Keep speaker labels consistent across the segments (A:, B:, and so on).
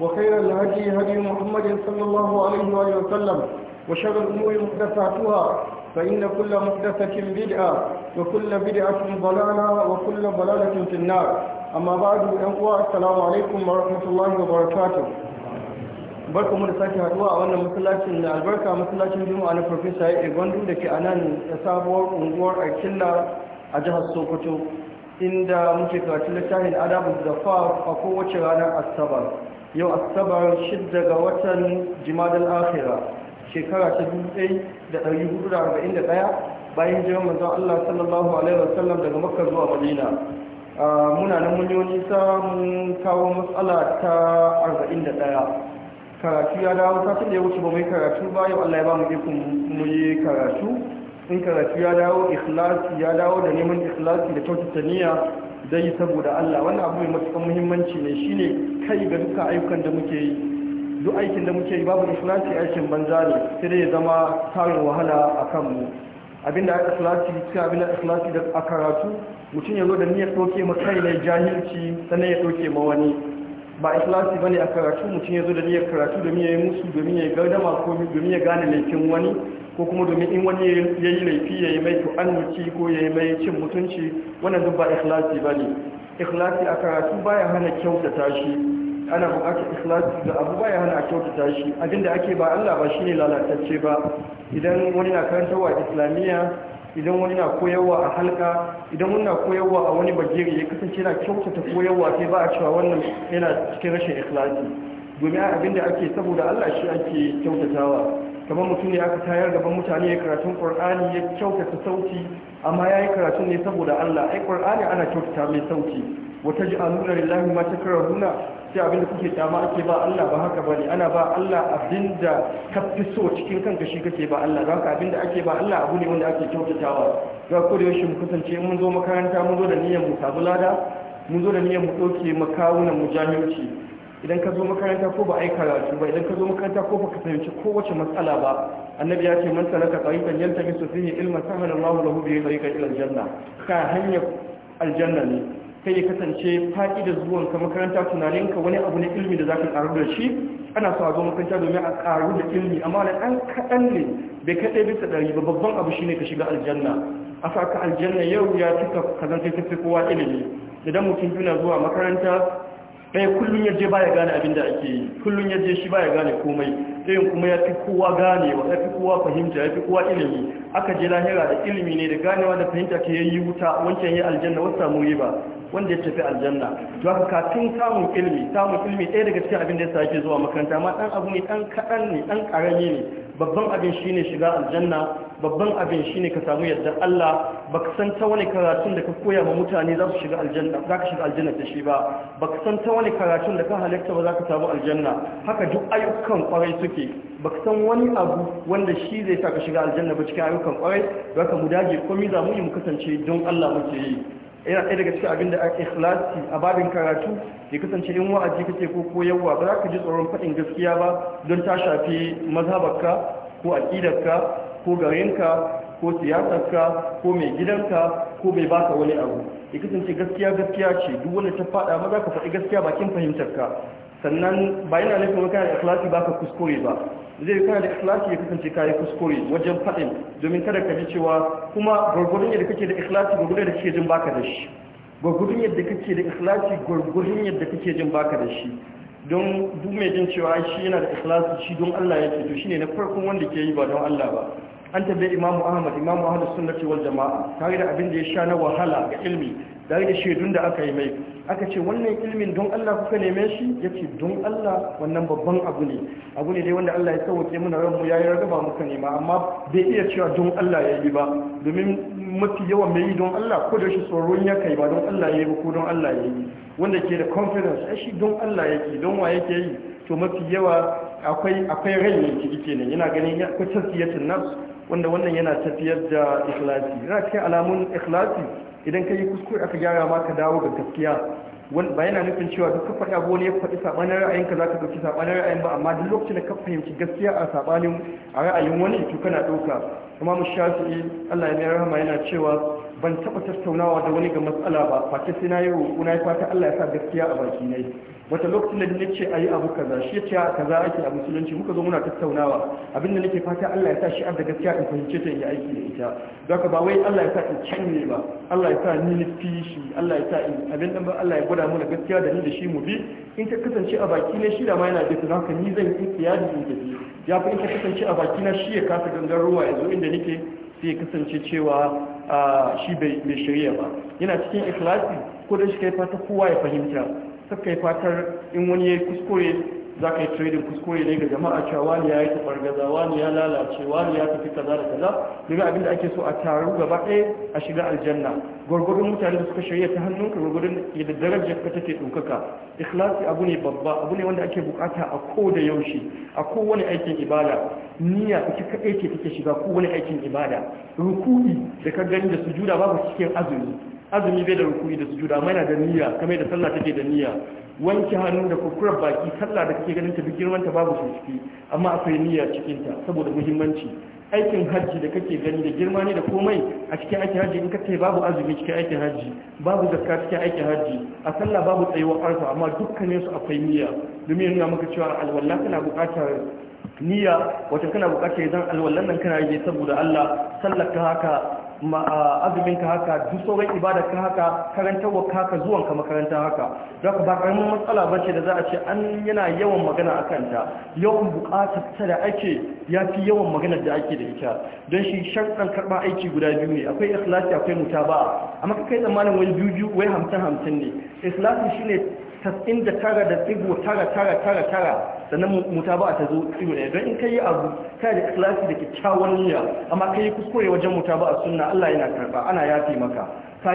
A: وخير الهدي هدي محمد صلى الله عليه وآله وسلم وشر الأمور محدثاتها فإن كل محدثة بدعة وكل بدعة ضلالة وكل ضلالة في النار أما بعد أنقوى السلام عليكم ورحمة الله وبركاته barka mu da sake haduwa a wannan masallacin da albarka masallacin juma'a na farfesa ya gwandu da ke a nan sabuwar unguwar akilla a jihar sokoto inda muke karatu littafin adabu da fa a kowace ranar asabar yau asabar shid daga watan jimadar akhira shekara ta 1441 bayan jiran manzon Allah sallallahu alaihi wasallam daga makka zuwa madina muna nan mun yi wani samun kawo matsala ta 41 karatu ya dawo satin da ya wuce ba mai karatu ba yau Allah ya ba mu ikon mu yi karatu in karatu ya dawo ikhlasi ya dawo da neman ikhlasi da kyautata niyya dai saboda Allah wannan abu mai matukan muhimmanci ne shine kai ga dukkan ayyukan da muke yi duk aikin da muke yi babu ikhlasi aikin banza ne sai dai ya zama tarin wahala a mu abinda aka ikhlasi cikin abinda ikhlasi da a karatu mutum ya zo da niyyar ɗauke ma kai ne jahilci sannan ya ɗauke ma wani ba ikhlasi bane a karatu mutum ya zo da niyyar karatu domin ya yi musu domin ya yi gardama ko domin ya gane laifin wani ko kuma domin in wani ya yi laifi ya yi mai tu'annuci ko ya yi mai cin mutunci wannan duk ba ikhlasi ba ne ikhlasi a karatu baya hana kyautata shi ana buƙatar ikhlasi ga abu baya hana a kyautata shi abinda ake ba Allah ba shi ne lalatacce ba idan wani na wa islamiyya idan wani na koyarwa a halka idan wani na koyarwa a wani bagiri ya kasance na kyautata koyarwa sai ba a cewa wannan yana cikin rashin ikhlasi domin abinda ake saboda Allah shi ake kyautatawa kamar mutum ne aka tayar gaban mutane ya karatun qur'ani ya kyautata sauti amma ya yi karatun ne saboda Allah ai ƙwar'ani ana kyautata mai sauti wata nuna lillahi ma ta nuna sai abinda kuke dama ake ba Allah ba haka bane ana ba Allah abinda ka fi so cikin kanka shi kake ba Allah don haka abinda ake ba Allah abu ne wanda ake kyautatawa ga ko da yaushe mu kasance mun zo makaranta mun zo da niyyar mu sabu lada mun zo da niyyar mu doke makawunan mu idan ka zo makaranta ko ba a yi karatu ba idan ka zo makaranta ko ba ka fahimci kowace matsala ba annabi ya ce man salaka tariqan yaltamisu fihi ilma sahala Allahu lahu bihi tariqan ila aljanna ka hanyar aljanna ne kai ya kasance faɗi da zuwan ka makaranta tunanin ka wani abu na ilmi da zaka karu da shi ana so a zo makaranta domin a karu da ilmi amma da ɗan kaɗan ne bai kaɗai bisa ɗari ba babban abu shine ka shiga aljanna a sa ka aljanna yau ya cika kazan kai kowa ilimi idan mutum yana zuwa makaranta ɗaya kullum yaje baya gane abin da ake yi kullum yaje shi baya gane komai ɗayan kuma ya fi kowa gane wa ya fi kowa fahimta ya fi kowa ilimi aka je lahira da ilimi ne da ganewa da fahimta ke yayi wuta wancan ya aljanna wasu samu riba wanda ya tafi aljanna to haka kafin samun ilimi samun ilimi ɗaya daga cikin abin da ya sake zuwa makaranta amma ɗan abu ne ɗan kaɗan ne ɗan ƙarami ne babban abin ne shiga aljanna babban abin ne ka samu yadda Allah ka san ta wani karatun da ka koya ma mutane za su shiga aljanna za ka shiga aljanna da shi ba ka san ta wani karatun da ka halarta ba za ka samu aljanna haka duk ayyukan kwarai suke ka san wani abu wanda shi zai sa ka shiga aljanna ba cikin ayyukan kwarai za ka mu dage komai za mu yi mu kasance don Allah muke yi yana ɗaya daga cikin abin da ake ikhlasi a babin karatu ya kasance in wa'azi kake ko yawwa ba za ka ji tsoron faɗin gaskiya ba don ta shafi mazhabarka ko aƙidarka ko garinka ko siyasarka ko mai gidanka ko mai baka wani abu ya kasance gaskiya gaskiya ce duk wanda ta faɗa ba za ka faɗi gaskiya bakin fahimtarka sannan ba yana nufin kayan ikhlasi ba ka kuskure ba zai kana da ikhlasi ya kasance kayi kuskure wajen fadin domin kada ka ji cewa kuma gwargwadon yadda kake da ikhlasi gwargwadon da kake jin baka da shi gwargwadon yadda kake da ikhlasi gwargwadon yadda kake jin baka da shi don duk mai jin cewa shi yana da ikhlasi shi don Allah yake to shine na farkon wanda ke yi ba don Allah ba an tambaye imamu ahmad imamu ahmad sunnati wal jama'a tare da abin da ya sha na wahala ga ilmi tare da shaidun da aka yi mai aka ce wannan ilmin don Allah kuka neme shi yace don Allah wannan babban abu ne abu ne dai wanda Allah ya sauke muna ran mu yayi ragaba muka nema amma bai iya cewa don Allah ya yi ba domin mafi yawan mai yi don Allah ko da shi tsoron ya kai ba don Allah ya yi ba ko don Allah ya yi wanda ke da confidence ai shi don Allah yake don wa yake yi to mafi yawa akwai akwai rai ne ciki kenan yana ganin akwai tasfiyatin na. wanda wannan yana tafiyar da ikhlasi yana cikin alamun ikhlasi idan ka yi kuskure aka gyara ma ka dawo ga gaskiya ba yana nufin cewa duk ka faɗi abu ne ya faɗi saɓanin ra'ayin ka za ka ɗauki saɓanin ra'ayin ba amma duk lokacin da ka fahimci gaskiya a saɓanin a ra'ayin wani to kana ɗauka kuma mu shafi'i Allah ya mai rahama yana cewa ban taɓa tattaunawa da wani ga matsala ba face sai na yi roƙo na yi fata Allah ya sa gaskiya a baki na wata lokacin da ce ayi abu kaza shi ya ce kaza ake a musulunci muka zo muna tattaunawa abin da nake fata Allah ya sa shi da gaskiya in fahimce ta yi aiki da ita zaka ba wai Allah ya sa in canne ba Allah ya sa ni nufi shi Allah ya sa in abin da Allah ya gwada mana gaskiya da ni da shi mu bi in ka kasance a baki ne shi da ma yana da haka ni zan yi tsiyadi in tafi ya fi in ka kasance a baki na shi ya kasa gangar ruwa yanzu inda nake sai ya kasance cewa shi bai shirya ba yana cikin ikhlasi ko da shi kai fata kowa ya fahimta suka yi fatar in wani ya yi kuskure za ka yi trading kuskure ne ga jama'a cewa wani ya yi tafargaza wani ya lalace wani ya tafi kaza da kaza daga abinda ake so a taru gaba ɗaya a shiga aljanna gwargwadon mutane da suka shirya ta hannunka gwargwadon yadda darajar ka take ɗaukaka ikhlasi abu ne babba abu ne wanda ake bukata a ko da yaushe a kowane aikin ibada niyya ita kaɗai ce take shiga kowane aikin ibada ruku'i da ka gani da sujuda babu cikin azumi azumi bai da rukuni da sujuda amma yana da niyya kamar da sallah take da niyya wanke hannu da kukurar baki sallah da kake ganin ta duk girman ta babu shi amma akwai niyya cikin ta saboda muhimmanci aikin hajji da kake gani da girma ne da komai a cikin aikin hajji in ka babu azumi cikin aikin hajji babu zakka cikin aikin hajji a sallah babu tsayuwar arfa amma dukkanin su akwai niyya domin ya nuna maka cewa alwala kana buƙatar niyya wata kana buƙatar zan alwallan nan kana yi saboda Allah sallaka haka azumin ka haka duk sauran ibada ka haka karantarwa ka haka zuwan ka makaranta haka don ka ba karamin matsala ba ce da za a ce an yana yawan magana a kanta yawan bukatar ta da ake ya fi yawan magana da ake da ita don shi sharɗan karɓar aiki guda biyu ne akwai ikhlasi akwai ba. amma kai tsammanin wani biyu biyu wai hamsin hamsin ne ikhlasi shine tas'in da tara da tsigo tara tara tara tara sannan mutaba'a ta zo iri ne don in kai abu ta da ikhlasi da kyakkyawan niyya amma yi kuskure wajen mutaba'a suna Allah yana karba ana yafi maka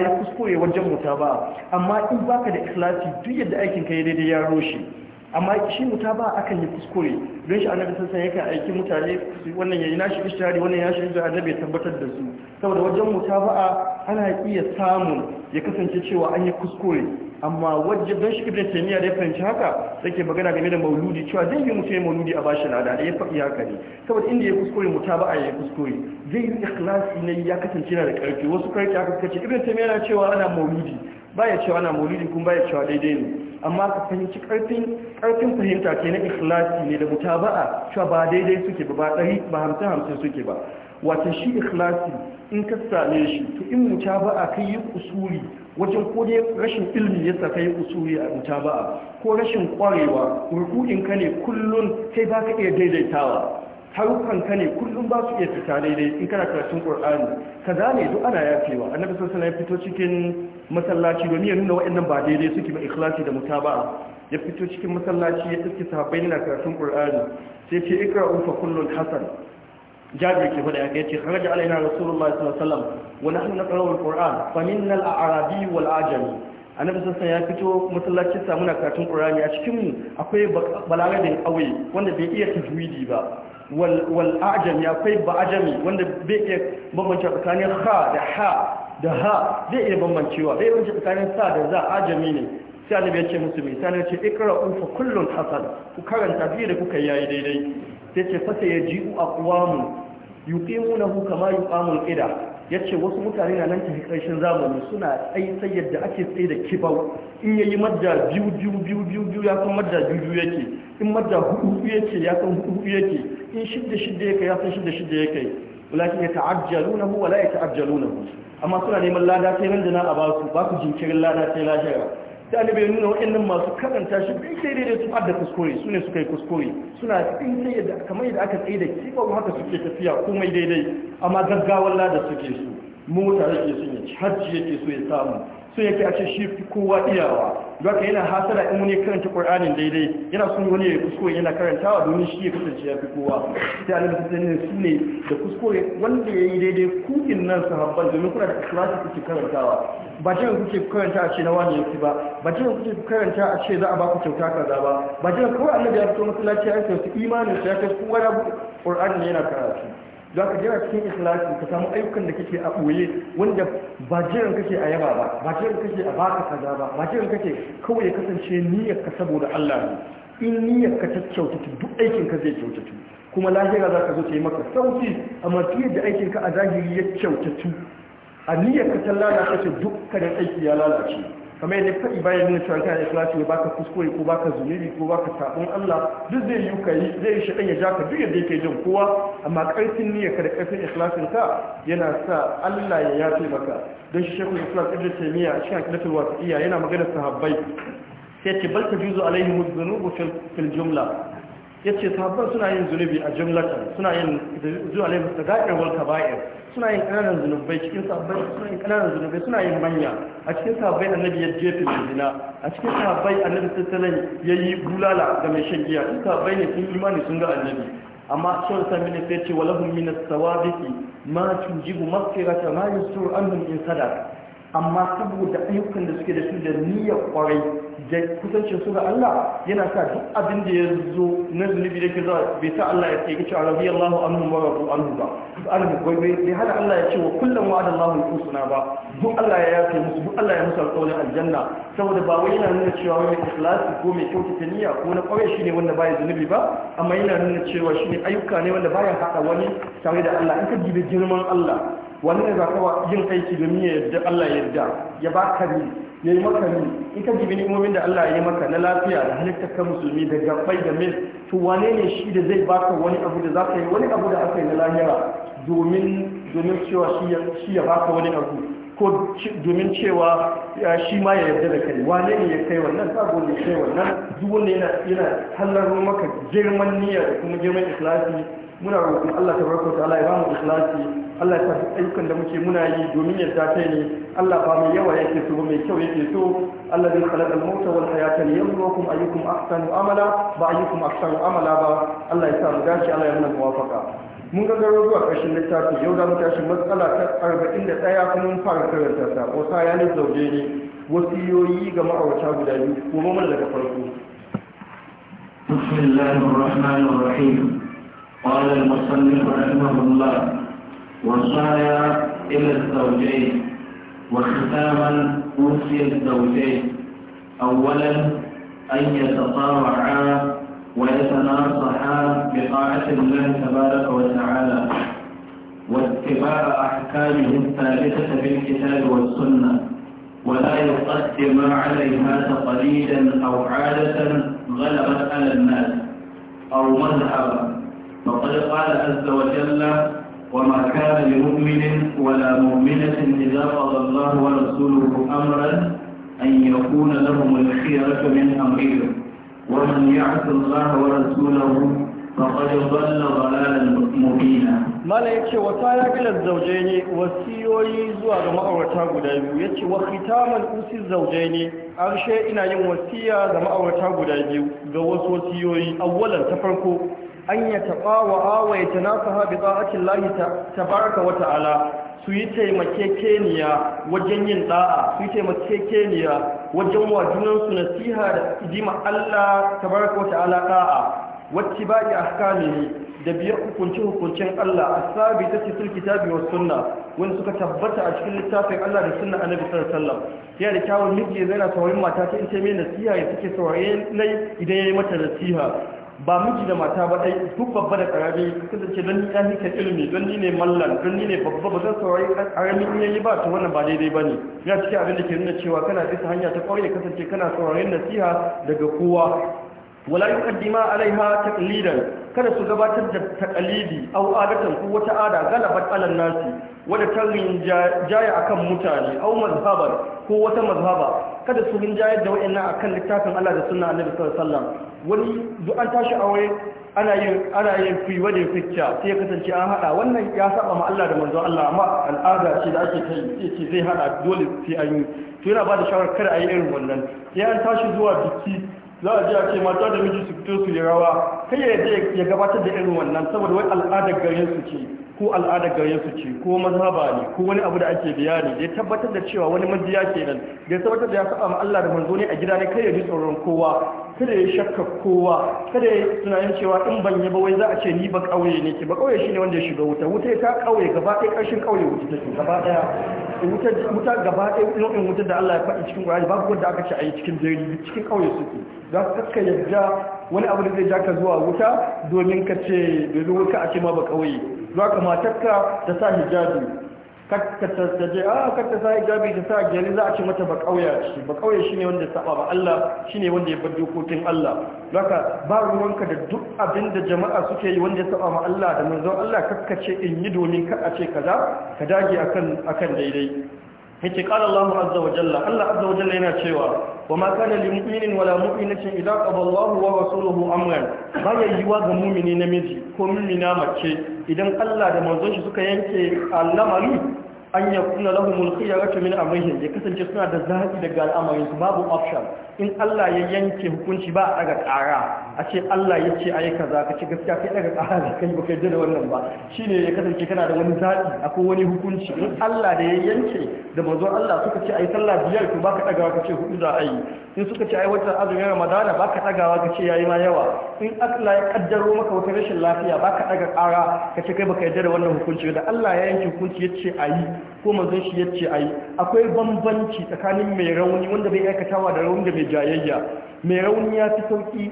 A: yi kuskure wajen mutaba'a amma in baka da ikhlasi duk yadda aikin ka yi daidai ya roshe amma shi muta ba akan yi kuskure don shi annabi sassan yakan aiki mutane wannan ya yi nashi ishtihari wannan ya shi annabi ya tabbatar da su saboda wajen muta ba ana iya samun ya kasance cewa an yi kuskure amma wajen don shi ibn taymiya da ya fahimci haka yake magana game da mauludi cewa zai yi mutum mauludi a bashi lada da ya faɗi haka ne saboda inda ya kuskure mu ba a ya kuskure zai yi ikhlasi ne ya kasance na da karfi wasu karfi aka kace ibn taymiya na cewa ana mauludi baya cewa ana mauludi kuma baya cewa daidai ne amma ka fahimci karfin karfin fahimta ke na ikhlasi ne da mutaba'a cewa ba daidai suke ba ba ɗari ba hamsin-hamsin suke ba wata shi ikhlasi in ka same shi to in mutaba'a kai yi kusuri. wajen ko rashin ilmi ya saka yi usuri a ba, ko rashin kwarewa ruku'in ka ne kullun sai baka iya daidaitawa harukan ka ne kullun ba su iya fita daidai in kana karatun ƙur'ani kaza ne duk ana yafewa annabi sana ya fito cikin masallaci domin ya nuna waɗannan ba daidai suke ba ikhlasi da mutaba'a ya fito cikin masallaci ya tsike sahabbai na karatun ƙur'ani sai ce ikra'u fa kullun hasan jabir ke faɗa yake yace kharaja alaina rasulullahi sallallahu alaihi wasallam wa nahnu naqra'u alquran fa minna al-a'rabi wal ajami annabi sassan ya fito masallacin sa muna karatun qur'ani a cikin mu akwai balagarin kauye wanda bai iya tajwidi ba wal wal ajami akwai ba ajami wanda bai iya bambance tsakanin ha da ha da ha bai iya bambancewa bai bambance tsakanin sa da za ajami ne sai annabi ya ce musu mai sai ya ce ikra'u fa kullun hasan ku karanta biye da kuka yayi daidai sai ce fasa ya ji'u aqwamu yuqimunahu kama yuqamul qida yace wasu mutane na nan tafi karshen zamani suna tsaitsai yadda ake tsaye da kibau in yayi madda biyu biyu biyu biyu biyu ya san madda biyu biyu yake in madda hudu yake ya san hudu hudu yake in shidda shidda yake ya san shidda shidda yake walakin yata'ajjalunahu wala yata'ajjalunahu amma suna neman lada sai nan da na a ba su ba su jinkirin lada sai lahira sai nuna waɗannan masu karanta shi daidai sai daidai su adda kuskure su ne suka yi kuskure suna bin sai yadda kamar yadda aka tsaye da kifaru haka suke tafiya komai daidai amma gaggawar lada suke su mota yake so ne ci yake so ya samu so yake a ce shi fi kowa iyawa ka yana hasara in wani karanta Qur'anin daidai yana son wani ya kuskure yana karantawa domin shi ya kasance ya fi kowa sai annabi sallallahu su ne da kuskure wanda ya yi daidai kukin nan sahabban domin kuna da ikhlasi kuke karantawa ba jiran kuke karanta a ce na wani yake ba ba jiran kuke karanta a ce za a ba ku kyauta kaza ba ba jiran kawai annabi ya fito masallaci ya kai su imanin su ya kai kowa da Qur'ani yana karatu za ka jira cikin ikhlasi ka samu ayyukan da kake a ɓoye wanda ba jiran kake a yaba ba ba jiran kake a baka kaza ba ba jiran kake kawai ya kasance niyyar ka saboda Allah ne in niyyar ka ta kyautatu duk aikin ka zai kyautatu kuma lahira za ka zo ta yi maka sauki amma fiye da aikin ka a zahiri ya kyautatu a niyyar ka ta lalace kada aiki ya lalace kamar yadda faɗi bayan nuna cewa kana da ikhlasi ba ka kuskure ko ba ka zunubi ko ba ka sabon Allah duk zai yi ka yi zai shi ya ja ka duk yadda yake jin kowa amma karfin niyyar ka da karfin ikhlasin ka yana sa Allah ya yafe maka don shi shekul islam ibn taymiya a cikin akidatul wasiya yana magana sahabbai sai ce bal tajuzu alaihim adh-dhunubu fil jumla ya ce sahabban suna yin zunubi a jumlatan suna yin zuwa laifin tagair wal kaba'ir suna yin ƙananan zunubai cikin sahabbai suna yin ƙananan zunubai suna yin manya a cikin sahabbai annabi ya jefe zina a cikin sahabbai annabi ya yi bulala ga mai shan giya duk sahabbai ne sun imani sun ga annabi amma shan sami ne sai ce walahum min as-sawabiki ma tujibu ta ma yusur anhum in sadaq amma saboda ayyukan da suke da su da niyyar kwarai da kusancin su ga Allah yana sa duk abin da ya zo na zunubi da ke zuwa bai sa Allah ya tsaye cewa rabi Allahu anhu wa rabu anhu ba anhu bai bai hada Allah ya ce wa kullum wa'ada Allahu al ba duk Allah ya yafe musu duk Allah ya musu alƙawarin aljanna saboda ba wai yana nuna cewa wani ikhlasi ko mai kyautata niyya ko na ƙauye shine wanda baya zunubi ba amma yana nuna cewa shine ayyuka ne wanda baya haɗa wani tare da Allah in ka jibe girman Allah wani ne ba kawai yin aiki domin ya yarda Allah ya yarda ya baka ne ya yi maka ne in ka jibi ni'imomin da Allah ya yi maka na lafiya da halitta ka musulmi da gabbai da mil to wane ne shi da zai baka wani abu da zaka yi wani abu da aka yi na lahira domin domin cewa shi ya baka wani abu ko domin cewa shi ma ya yarda da kai wane ne ya kai wannan sabo ne ya kai wannan duk wanda yana yana maka girman niyya da kuma girman ikhlasi muna roƙon Allah tabaraka ta'ala ya ba ikhlasi Allah ya sa ayyukan da muke muna yi domin ya kai ne Allah ba mai yawa yake so mai kyau yake so Allah zai khalaqa al-mauta wal hayata liyabluwakum ayyukum ahsanu amala ba ayyukum ahsanu amala ba Allah ya sa mu dace Allah ya muna muwafaqa mun gangaro zuwa ƙarshen littafi yau za mu tashi matsala ta arba'in da ɗaya kuma mun fara karanta ta ko sa ya ne zauje ne wasiyoyi ga ma'aurata guda biyu kuma mun daga farko بسم الله الرحمن الرحيم قال المصنف رحمه الله وصايا إلى الزوجين وختاما أوصي الزوجين أولا أن يتطاوعا ويتناصحا بطاعة الله تبارك وتعالى واتباع أحكامه الثابتة بالكتاب والسنة ولا يقدم عليها تقليدا أو عادة غلبت على الناس أو مذهبا فقد قال عز وجل وما كان لمؤمن ولا مؤمنة إذا قضى الله ورسوله أمرا أن يكون لهم الخيرة من أمرهم ومن يعص الله ورسوله فقد ضل ضلالا مبينا mala yace wa talaqal zawjaini wasiyoyi zuwa ga ma'aurata guda biyu yace wa khitamal usil zawjaini arshe ina yin wasiya ga ma'aurata guda biyu ga wasu wasiyoyi awwalan ta farko an yi taɓawa wa ya tanasaha bi ta'atin lahi tabaraka wa ta'ala su yi taimakekeniya wajen yin da'a su yi taimakekeniya wajen wa junansu nasiha da idima Allah tabaraka wa ta'ala da'a wacce ba ya ne da biyar hukunci hukuncin Allah a asabi ta cikin kitabi wa sunna wani suka tabbata a cikin littafin Allah da sunna annabi sallallahu alaihi wasallam yana da kyawun miji zai na saurayin mata ta in ta mai nasiha ya suke saurayin nai idan ya yi mata nasiha ba miji da mata ba ɗai duk babba da ƙarami kasance don ni ɗan ilimi don ni ne mallan don ni ne babba ba zan saurari ƙaramin iya yi ba to wannan ba daidai ba ne ya cikin abin da ke nuna cewa kana bisa hanya ta kwarai kasance kana saurarin nasiha daga kowa wala yuqaddima alaiha taqlidan kada su gabatar da taqlidi au adatan ko wata ada galabat alal nasi wanda ta jaya akan mutane au mazhaban ko wata mazhaba kada su rinjayar da wayannan akan littafin Allah da sunna Annabi sallallahu alaihi wasallam wani duk an tashi aure ana yin ana yin fi wani fikya sai ya kasance an hada wannan ya saba ma Allah da manzo Allah amma al'ada ce da ake kai ce zai hada dole sai an yi to yana ba da shawarar kada a yi irin wannan sai an tashi zuwa biki za a ji a ce mata da miji su fito su yi rawa kai ya je ya gabatar da irin wannan saboda wai al'adar garin su ce ko al'adar garin su ce ko mazhaba ne ko wani abu da ake biya ne ya tabbatar da cewa wani majiya kenan ya tabbatar da ya saba ma Allah da manzo ne a gida ne kai ya ji tsoron kowa kada ya shakka kowa kada ya tunanin cewa in ban yi ba wai za a ce ni ba kauye ne ke ba kauye shi ne wanda ya shiga wuta wuta ya ta kauye gaba ɗaya ƙarshen kauye wuta take gaba ɗaya wuta gaba ɗaya nau'in wuta da Allah ya faɗi cikin ba babu wanda aka ce a yi cikin dare cikin kauye suke za ka kakka yadda wani abu da zai ja ka zuwa wuta domin ka ce domin wuta a ce ma ba kauye za ka matarka ta sa hijabi kakkata je a ah, kakkata sa hijabi ta sa gari za a ci mata ba kauya shi ba kauya shine wanda saba ba Allah ne wanda ya bar dokokin Allah haka ba ruwanka da duk abin da jama'a suke yi wanda ya saba ma Allah da manzon Allah kakkace in yi domin ka a ce kaza ka dage akan akan daidai yace qala Allahu azza wa jalla Allah azza wa jalla yana cewa wa ma kana lil mu'minin wala mu'minatin idza qada Allahu wa rasuluhu amran baya wa ga mu'mini namiji ko mu'mina mace idan Allah da manzon shi suka yanke al'amari an ya kuna lahumul khiyaratu min amrihim ya kasance suna da zaɓi daga al'amarin su babu option in Allah ya yanke hukunci ba a daga ƙara a ce Allah ya ce ayi kaza ka ci gaskiya kai daga ƙara da kai baka yarda da wannan ba shine ya kasance kana da wani zaɓi akwai wani hukunci in Allah da ya yanke da manzon Allah suka ce ayi sallah biyar to baka daga ka ce hudu za a yi in suka ce ai wata azumin ramadana ba ka ɗagawa ka ce ya yi ma yawa in akla ya kaddaro maka wata rashin lafiya ba ka ɗaga ƙara ka ce kai baka yarda da wannan hukunci da allah ya yanke hukunci ya ce a yi ko manzon shi ya ce a yi akwai bambanci tsakanin mai rauni wanda bai aikatawa da rauni da mai jayayya mai rauni ya fi sauƙi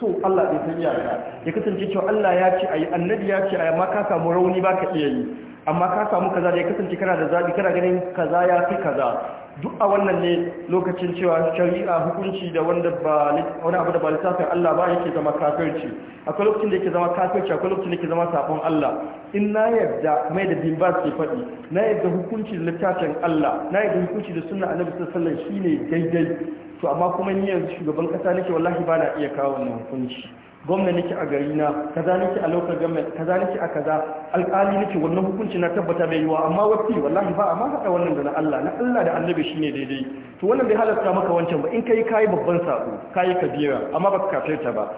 A: so allah bai san ka ya kasance cewa allah ya ce a yi annabi ya ce a yi amma ka samu rauni ba ka iya yi amma ka samu kaza da ya kasance kana da zaɓi kana ganin kaza ya fi kaza duk a wannan ne lokacin cewa shari'a hukunci da wanda ba wani abu da ba littafin Allah ba yake zama kafirci akwai lokacin da yake zama kafirci akwai lokacin da yake zama sabon Allah in na yadda mai da bin ba ke faɗi na yadda hukunci da littafin Allah na yadda hukunci da sunna annabi sallallahu alaihi wasallam shine daidai to amma kuma ni yanzu shugaban kasa nake wallahi ba na iya kawo wannan hukunci gwamna nake a gari na kaza nake a local government kaza nake a kaza alƙali nake wannan hukunci na tabbata bai yiwa amma wasi wallahi ba amma haɗa wannan da na Allah na Allah da annabi ne daidai to wannan bai halarta maka wancan ba in kai kai babban sako kai kabira amma ba baka kafirta ba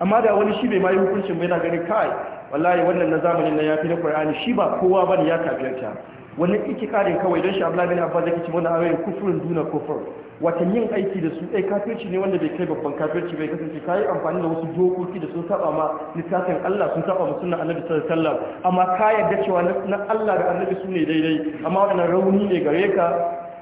A: amma da wani shi bai ma yi hukuncin bai na gani kai wallahi wannan na zamanin na yafi na Qur'ani shi ba kowa bane ya kafirta wannan ƙarin kawai don shi bin abba yake ce wannan ayoyin kufrun duna kufur wata yin aiki da su ɗai eh, kafirci ne wanda bai kai babban kafirci bai kasance kayi amfani da wasu dokoki da sun saba ma littafin Allah sun saba ma sunnan Annabi sallallahu alaihi wasallam amma ka yarda cewa na Allah da Annabi su ne daidai amma wannan rauni ne gare ka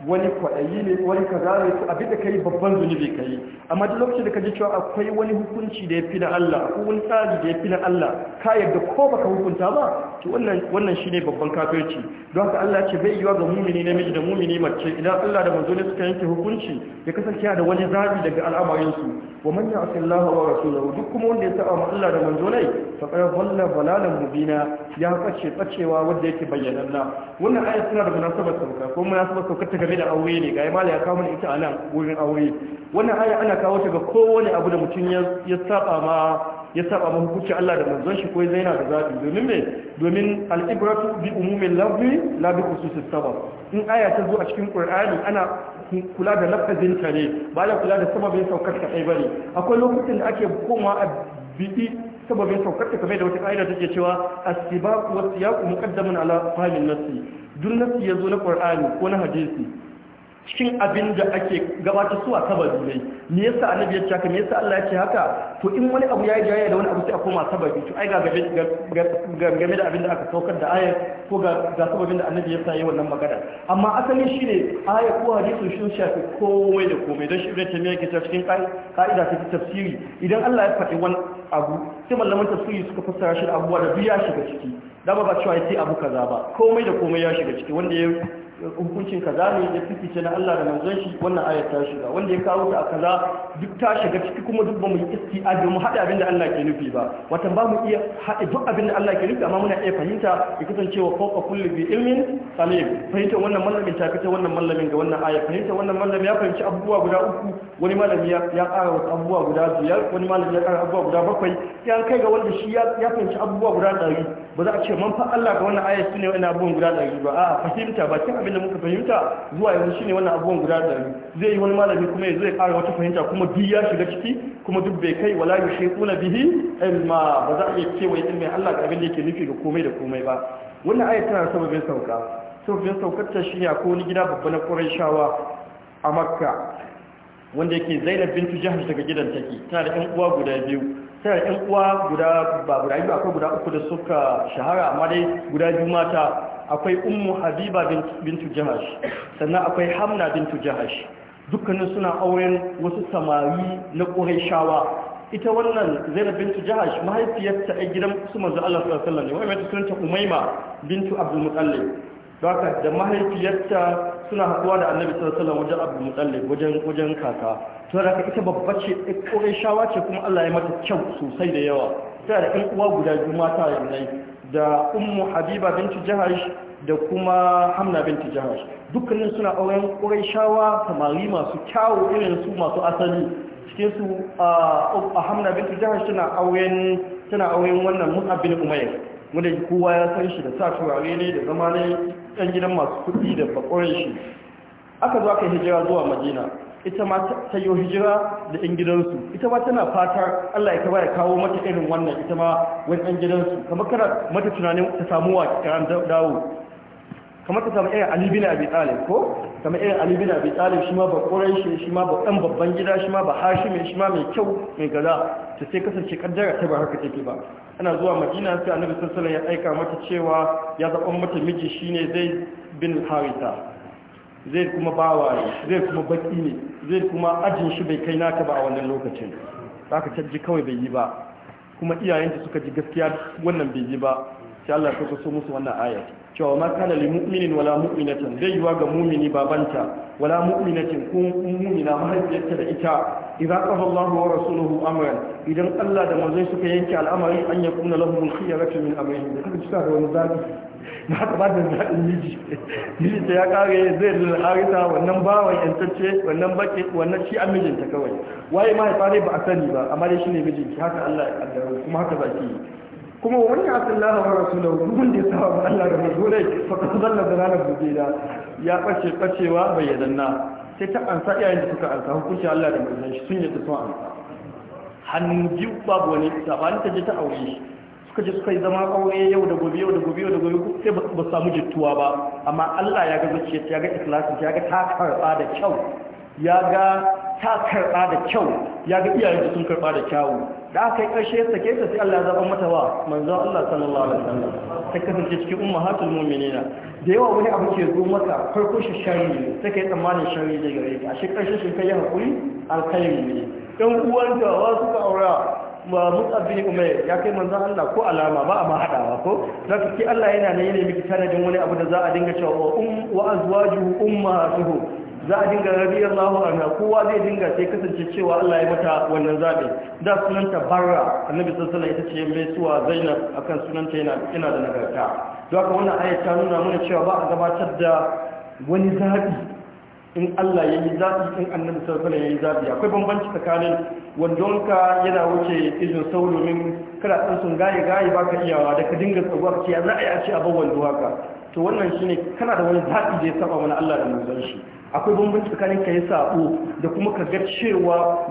A: wani kwaɗayi ne wani kaza ne ko abin da ka yi babban zunubi yi. amma duk lokacin da ka ji cewa akwai wani hukunci da ya fi na Allah akwai wani tsari da ya fi na Allah ka yadda ko baka hukunta ba to wannan wannan shine babban kafirci don haka Allah ce bai yiwa ga mumini namiji da mumini mace idan Allah da manzo ne suka yanke hukunci ya kasance da wani zabi daga al'amarin su wa man ya'si Allah wa rasulahu duk kuma wanda ya saba ma Allah da manzo ne fa qad dhalla dhalalan mubina ya kace tsacewa wanda yake bayyana wannan ayat tana da munasabar sauka ko munasabar sauka ta game da aure ne ga mala ya kawo ita a nan wurin aure wannan aya ana kawo ta ga kowane abu da mutum ya saba ma ya saba ma hukunci Allah da manzon shi ko ya zaina da zabi domin me domin al-ibratu bi umumin lafzi la bi khususis sabab in aya ta zo a cikin Qur'ani ana kula da lafazin ta ne ba la kula da sababin saukar ta kai bane akwai lokacin da ake koma a bibi sababin saukar ta kame da wata ka'ida take cewa as-sibaq ya kuma kaddamin ala fahmin nassi duk nassi zo na ƙwar'ani ko na hadisi cikin abin da ake gabata suwa sababi ne me yasa annabi ya ce haka me yasa Allah ya ce haka to in wani abu ya yi jayayya da wani abu sai a koma sababi to ai ga game da abin da aka saukar da ayar ko ga sababin da annabi ya sa yi wannan magana amma asali shine ayar ko hadisi sun shafi komai da komai don shi ne ta me cikin ka'ida ta tafsiri idan Allah ya faɗi wani abu sai malaman tafsiri suka fassara shi da abubuwa da biya ya shiga ciki dama ba cewa sai abu kaza ba komai da komai ya shiga ciki wanda ya hukuncin kaza ne ya fifice na Allah da manzon shi wannan ayat ta shiga wanda ya kawo ta a kaza duk ta shiga ciki kuma duk ba mu yi isti'adi mu haɗa abin da Allah ke nufi ba watan ba mu iya haɗe duk abin da Allah ke nufi amma muna iya fahimta ya kasance wa fawqa kulli bi ilmin salim fahimta wannan mallamin ta fita wannan mallamin ga wannan ayat fahimta wannan mallamin ya fahimci abubuwa guda uku wani malami ya ƙara wasu abubuwa guda biyar wani malami ya ƙara abubuwa guda bakwai ya kai ga wanda shi ya fahimci abubuwa guda ɗari ba za a ce man fa Allah ga wannan ayat shine wannan abubuwan guda ɗari ba a fahimta ba kin abin da muka fahimta zuwa yanzu shine wannan abubuwan guda ɗari zai yi wani malami kuma yanzu ya ƙara wata fahimta kuma duk ya shiga ciki kuma duk bai kai wala yushiquna bihi ilma ba za a iya cewa ilmin Allah ga abin da yake nufi ga komai da komai ba wannan ayat tana sababin sauka sababin saukar ta shine akwai wani gida babba na Qurayshawa a Makka wanda yake Zainab bintu Jahsh daga gidan take tana da 'yan uwa guda biyu tara ɗan uwa guda ba guda biyu akwai guda uku da suka shahara amma dai guda biyu mata akwai ummu habiba bintu jahash sannan akwai hamna bintu jahash dukkanin suna auren wasu samari na shawa. ita wannan zainab bintu jahash mahaifiyarta a gidan su manzo Allah sallallahu alaihi wasallam ne wai mai sunanta umayma bintu abdul Muttalib da mahaifiyarta suna haɗuwa da annabi sallallahu alaihi wasallam wajen abdul Muttalib wajen wajen kaka saboda ita babba ce ƙorai shawa ce kuma Allah ya mata kyau sosai da yawa tana da ɗan uwa guda biyu mata ne da ummu habiba binti jahash da kuma hamna binti jahash dukkanin suna auren ƙorai shawa samari masu kyawu irin su masu asali cikin su a hamna binti jahash tana auren wannan mus'ab bin umayr wanda kowa ya san shi da sa turare ne da zama ne ɗan gidan masu kuɗi da bakwarin shi aka zo aka hijira zuwa madina ita ma ta yi hijira da 'yan gidansu ita ma tana fatar Allah ya kaba ya kawo mata irin wannan ita ma wani 'yan gidansu kamar kada mata tunanin ta samu wa kiran dawo kamar ta samu irin alibi na Abi Talib ko kamar irin alibi na Abi Talib shi ma ba ƙorai shi ma ba ɗan babban gida shi ma ba mai shi ma mai kyau mai gaza ta sai kasance kaddara ta ba haka take ba ana zuwa Madina sai Annabi sallallahu alaihi wasallam ya aika mata cewa ya zaɓa mata miji shine zai bin harita. zai kuma bawa zai kuma baki ne zai kuma ajin shi bai kai naka ba a wannan lokacin zaka tajji kawai bai yi ba kuma iyayenta suka ji gaskiya wannan bai yi ba sai Allah ya kusa musu wannan aya cewa ma kana lil mu'minin wala mu'minatin zai yiwa ga mu'mini babanta wala mu'minatin ko mu'mina mahaifiyarta da ita idan qala Allahu wa rasuluhu amran idan Allah da manzon suka yanke al'amari an yakuna lahum khiyaratu min amrihim kuma su da wani zabi na ka ba da zaɗin miji miji ta ya ƙare zai harita wannan bawon yantacce wannan baƙi wannan shi an mijinta kawai waye mahaifa ne ba a sani ba amma dai shi ne mijinki haka allah ya ƙaddara kuma haka za ki yi kuma wani asallaha wa rasulahu mun da sa ma Allah da mazulai fa kan zalla zalala da. ya bace bacewa bayyananna sai ta ansa iyayen da suka ansa hukunci Allah da manzon shi sun yi ta sun ansa hannu biyu babu wani sabani ta je ta aure shi suka ji suka yi zama aure yau da gobe yau da gobe yau da gobe sai ba samu jittuwa ba amma Allah ya ga zuciya ya ga ikhlasi ya ga ta karba da kyau ya ga ta karba da kyau ya ga iyayen sun karba da kyau da aka yi karshe sake ta sai Allah ya zaba mata wa manzo Allah sallallahu alaihi wasallam ta kasance cikin ummahatul mu'minina da yawa wani abu ke zo maka farko shi shari sai kai tsammanin shari da gare ka a shi karshe shi kai hakuri alkhairi ne dan uwan da wasu ka aura musab bin umair ya kai manzan Allah ko alama ba a ma haɗawa ko zaka ki Allah yana nan yanayi miki tanadin wani abu da za a dinga cewa wa um Umma suhu za a dinga radiyallahu anha kowa zai dinga sai kasance cewa Allah ya mata wannan zaɓe. da sunanta barra annabi na bisa ita ce mai suwa zainab akan sunanta yana da nagarta don haka wannan ayat nuna mana cewa ba a gabatar da wani zabi in Allah ya yi zaɓi in annabi sarfala ya yi zaɓi akwai bambanci tsakanin wandonka yana wuce izin sau domin kada ɗan sun gaye gaye ba ka iyawa da ka dinga tsaguwa ka ce ya za a yi a ce abubuwan wando to wannan shine kana da wani zaɓi da ya saba mana Allah da manzon shi akwai bambanci tsakanin ka yi sabo da kuma ka ga cewa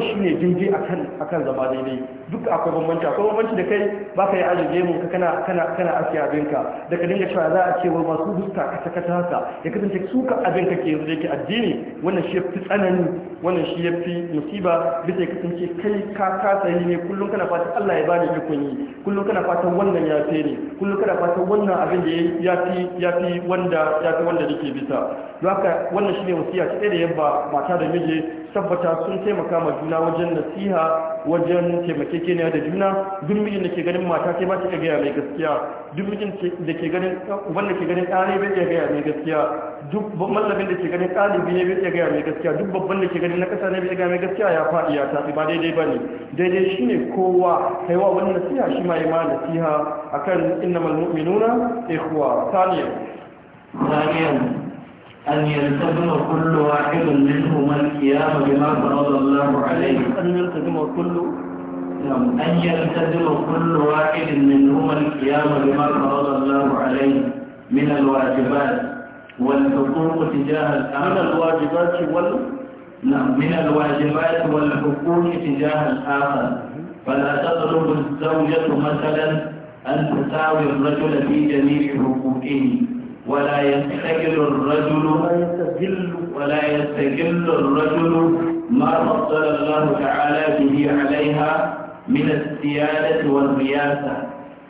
A: shi ne daidai akan akan zama daidai duk akwai bambanci akwai bambanci da kai ba ka yi ajiye mu ka kana kana kana abinka da ka dinga cewa za a cewa masu huska kata kata haka ya kasance su ka abin ke yanzu yake addini wannan shi ya fi tsanani wannan shi ya fi musiba bisa ya kasance kai ka kasa yi ne kullum kana fatan Allah ya bani ikon yi kullum kana fatan wannan ya fi ne kullum kana fatan wannan abin da ya fi wanda ya fi wanda nake bisa don haka haka wannan shine wasiya ta da yabba mata da miji tabbata sun taimaka ma juna wajen nasiha wajen taimakekeniya da juna duk mijin da ke ganin mata sai ba ta iya gaya mai gaskiya duk mijin da ke ganin wanda da ke ganin ɗani bai iya gaya mai gaskiya duk mallabin da ke ganin ɗalibi ne bai iya gaya mai gaskiya duk babban da ke ganin na ƙasa ne bai iya gaya mai gaskiya ya faɗi ya tafi ba daidai ba ne daidai shi ne kowa kaiwa wani nasiha shi ma yi ma nasiha akan inna malmu'minuna ikhwa saniya saniya أن يلتزم كل واحد منهما القيام بما فرض الله عليه أن يلتزم كل نعم. أن يلتزم كل واحد منهما القيام بما فرض الله عليه من الواجبات والحقوق تجاه الآخر من الواجبات وال نعم من الواجبات والحقوق تجاه الآخر فلا تطلب الزوجة مثلا أن تساوي الرجل في جميع حقوقه ولا يستجل الرجل ولا يستجل الرجل ما فضل الله تعالى به عليها من السيادة والرياسة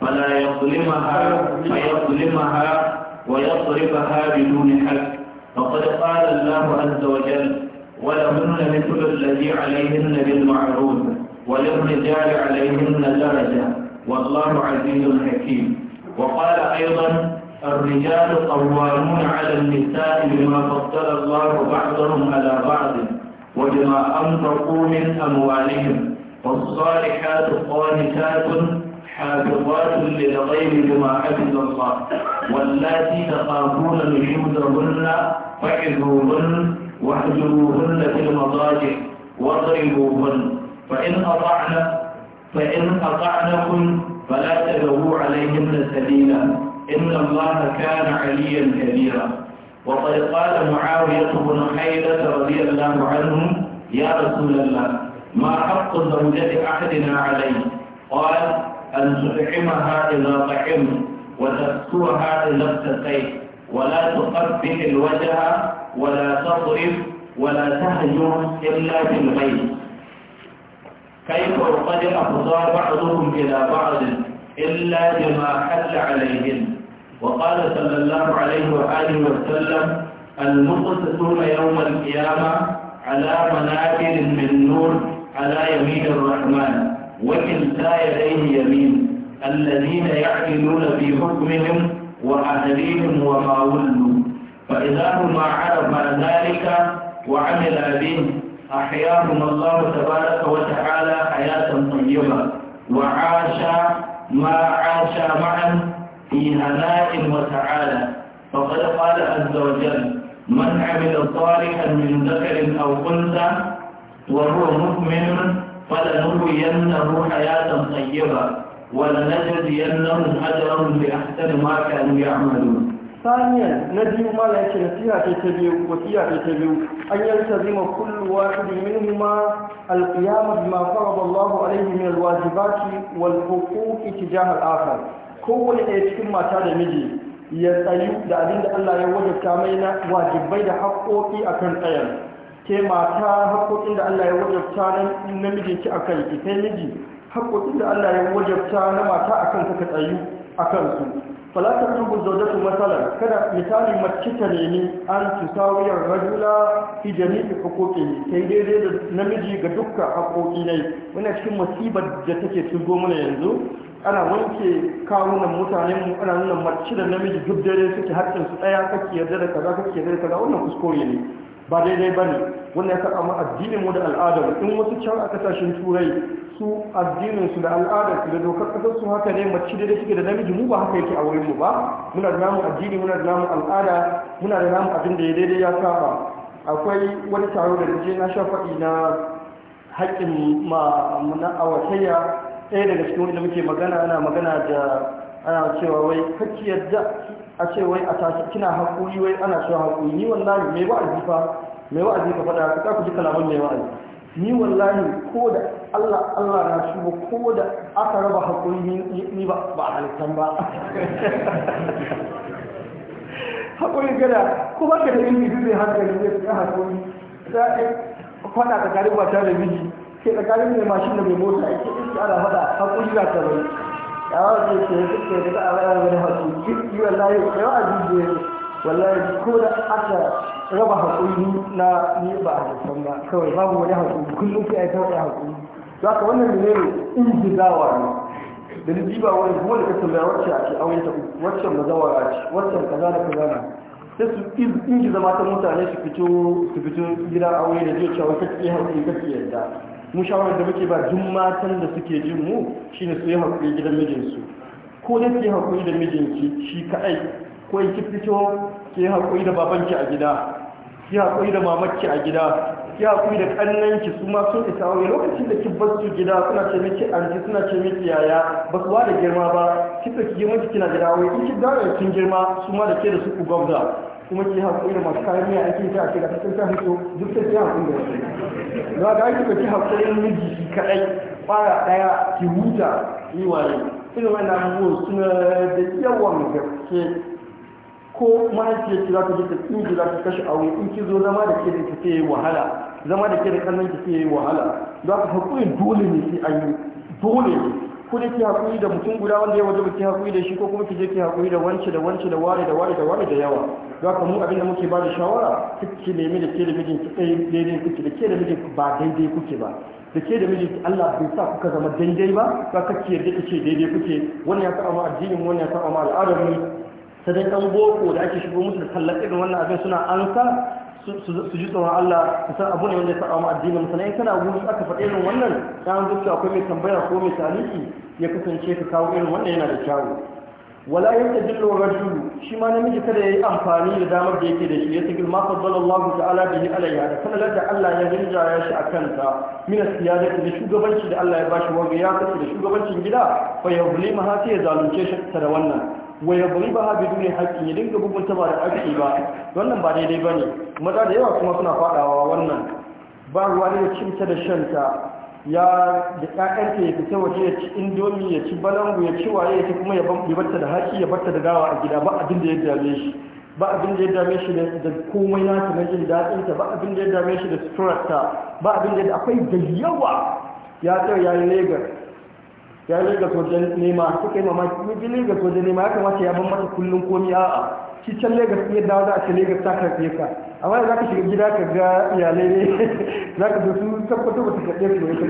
A: فلا يظلمها فيظلمها ويصرفها بدون حق فقد قال الله عز وجل ولهن مثل الذي عليهن بالمعروف وللرجال عليهن درجة والله عزيز حكيم وقال أيضا الرجال قوامون على النساء بما فضل الله بعضهم على بعض وبما أنفقوا من أموالهم والصالحات قانتات حافظات للغيب بما حفظ الله واللاتي تخافون نشوزهن فحفظوهن واهجروهن في المضاجع واضربوهن فإن أطعن فإن أطعنكم فلا تبغوا عليهن سبيلا إن الله كان عليا كبيرا وقد قال معاوية بن حيدة رضي الله عنه يا رسول الله ما حق زوجة أحدنا عليه قال أن تطعمها إذا طعمت وتكسوها إذا ابتسيت ولا تقبح الوجه ولا تضرب ولا تهجر إلا الغيب كيف وقد أفضى بعضهم إلى بعض إلا بما حل عليهن وقال صلى الله عليه وآله وسلم المقصصون يوم القيامة على مناكر من نور على يمين الرحمن وكلتا يديه يمين الذين يعدلون في حكمهم وأهليهم وما ولوا فإذا هما عرف ذلك وعمل به أحياهم الله تبارك وتعالى حياة طيبة وعاش ما عاش معا في هناء وتعالى فقد قال عز وجل من عمل صالحا من ذكر أو أنثى وهو مؤمن فلنرينه حياة طيبة ولنجزينهم أجرهم بأحسن ما كانوا يعملون ثانيا نجي ما لا نسيها تتبيو وسيها تتبيو أن يلتزم كل واحد منهما القيام بما فرض الله عليه من الواجبات والحقوق تجاه الآخر kowane ɗaya cikin mata da miji ya tsayu da abin da Allah ya wajabta mai na wajibai da haƙoƙi a kan ɗayan. ke mata haƙoƙin da Allah ya wajabta na mijinki ki ki kai miji haƙoƙin da Allah ya wajabta na mata a kan suka tsayu akan su falatar da su matsalar kada misali mace ta nemi an su sauriyar rajula fi jami'i hukuki ta yi daidai da namiji ga dukkan haƙoƙi ne wani cikin masibar da take shigo mana yanzu ana wanke kawunan mutanen mu ana nuna mace da namiji duk dare suke hakkin su daya kake yarda da kaza kake yarda da kaza wannan kuskure ne ba daidai ba ne wannan ya saba mu addinin mu da al'ada in wasu can a kasashen turai su addinin su da al'adar su da dokar kasar su haka ne mace da suke da namiji mu ba haka yake a wurin mu ba muna da namu addini muna da namu al'ada muna da namu abin da ya daidai ya saba akwai wani taro da je na shafa'i na haƙƙin ma na awatayya ɗaya daga cikin wani da muke magana ana magana da ana cewa wai kacci yadda a ce wai a tashi kina haƙuri wai ana cewa haƙuri ni wallahi mai wa'azi fa mai wa'azi ka faɗa ka ku ji kalaman mai wa'azi ni wallahi ko da Allah Allah na shi ko da aka raba haƙuri ni ba ba halittan ba haƙuri gada ko ba ka da ilimi zai hankali zai haƙuri za a faɗa ka tare ba tare da miji ke tsakanin mai mashin da mai mota ake iske ana faɗa haƙuri za ka bai ya wa ce ke suke da za a bayan wani haƙuri kirki wallahi yau a jijiye wallahi ko da aka raba haƙuri na ni ba a haifan ba kawai babu wani haƙuri kullum sai a yi kawai haƙuri za ka wannan ne ne injizawa ne da ba wani kuma da kasan da wacce a ce auren ta wacce mazawara ce wacce kaza da kaza na sai su ingiza matan mutane su fito gida fito gidan aure da zai cewa kake haƙuri kake yadda mu shawarar da muke ba duk matan da suke jin mu shine su yi hakuri gidan mijinsu ko da ke hakuri da mijinki shi kaɗai ko ki fito ke hakuri da babanki a gida ki hakuri da mamarki a gida ki hakuri da kannanki su ma sun isa wani lokacin da ki bar gida suna ce miki anti suna ce miki yaya ba su da girma ba ki yi miki kina gida wai in ki dawo kin girma su ma da ke da su ku gwamna kuma ki haƙuri da masu kayan miya ake ta ake da cikin ta hito duk ta ki haƙuri da su na ga ake ki haƙuri miji shi kaɗai fara ɗaya ki huta yi waye irin wannan abubuwan suna da yawan gaske ko mahaifiyar ki za ta je ta tsinji za ta kashe aure in ki zo zama da ke da ta yi wahala zama da ke da kallon ki ta yi wahala za ka haƙuri dole ne sai an yi dole ne ku ne ke haƙuri da mutum guda wanda ya waje ba ke haƙuri da shi ko kuma ki je ki haƙuri da wance da wance da ware da ware da ware da yawa za ka mu abin da muke ba da shawara ki nemi da ke da mijin ki tsaye daidai kuke da ke da mijin ba daidai kuke ba da ke da mijin Allah bai sa kuka zama daidai ba za ka ki yarda ce daidai kuke wannan ya sa ma addinin wannan ya sa ma al'adar mu sai dai kan boko da ake shigo musu da tallar irin wannan abin suna ansa su ji tsoron Allah su san abu ne wanda ya saba mu addinin mu sanai kana gudu aka faɗi irin wannan dan dukka akwai mai tambaya ko mai taliki ya kasance ka kawo irin wannan yana da kyawu wala yastadillu rajulu shi ma namiji kada ya yi amfani da damar da yake da shi ya tagil ma faddalallahu ta'ala yi alayya da sanar da Allah ya rinja ya shi akan ta min siyadati da shugabanci da Allah ya bashi wanga ya kace da shugabancin gida fa yuzlimaha sai ya zalunce shi ta da wannan ba haɗe duniya haƙƙi ya dinga bugunta ba da haƙƙi ba wannan ba daidai ba ne. maza da yawa kuma suna faɗawa wannan ba ruwa da cinta da shanta ya da ƴaƴanta ya fita waje ya ci indomi ya ci balangu ya ci waye ya ci kuma ya barta da haƙƙi ya barta da gawa a gida ba abin da ya dame shi ba abin da ya dame shi da komai ta na jin ta. ba abin da ya dame shi da suturarta ba abin da akwai da yawa ya tsaye ya yi legas ya lagos wajen nema su kai mamaki ya ji lagos wajen nema ya kamata ya ban mata kullum komi a'a shi can lagos ya dawo da a ce lagos ta karfe ka amma za ka shiga gida ka ga iyalai ne za ka su tabbatar ba su karfe su ne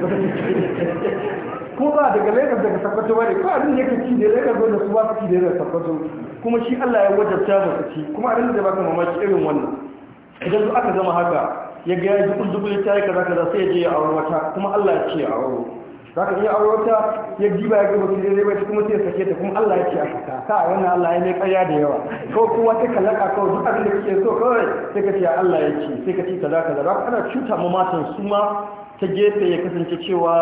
A: ko ba daga lagos daga tabbatar ba ne ko abin da yake ci da lagos wanda su ba su ci da lagos kuma shi allah ya wajabta ba su ci kuma abin da ba ka mamaki irin wannan idan su aka zama haka ya ga ya ji ta yi kaza kaza sai ya je ya auri wata kuma allah ya ce ya auri zaka iya aure wata ya diba ya ga su daidai bai kuma sai ya sake ta kuma Allah ya ce aka fita ta wannan Allah ya ne ƙarya da yawa ko kuma ta kalaka kawai duk abin da kake so kawai sai ka ce Allah ya ce sai ka ce ta zaka zara kana cuta ma matan su ma ta gefe ya kasance cewa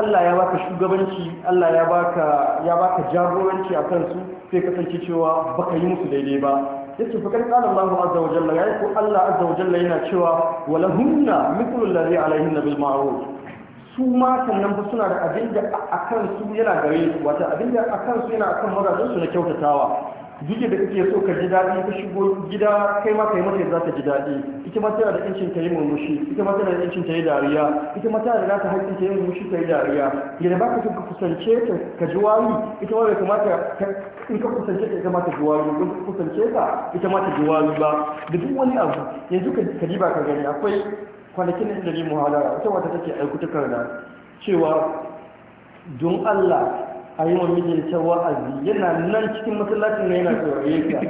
A: Allah ya baka shugabanci Allah ya baka ya baka jagoranci a kansu sai kasance cewa baka yi musu daidai ba yake fakar kala Allahu azza wa jalla ya ko Allah azza wa jalla yana cewa walahunna mithlu allazi alaihinna bil ma'ruf su ma sannan ba suna da abin da a kan su yana gare su wata abin da a kan su yana a kan mazajen su na kyautatawa duk da kake so ka ji daɗi ka shigo gida kai ma kai mata za ta ji daɗi ita ma tana da incin ta yi murmushi ita ma tana da incin ta yi dariya ita ma tana da nata haƙƙin ta yi murmushi ta yi dariya idan ba ka so ka kusance ta ka ji wari ita ma bai kamata in ka kusance ta ita ma ta ji wari in ka kusance ta ita ma ta ji wari ba da duk wani abu yanzu ka ji ba ka gani akwai kwanakin da inda ne muhalara wata wata take aiku ta karna cewa don Allah a yi wa mijinta wa'azi yana nan cikin masallacin na yana tsoraye ka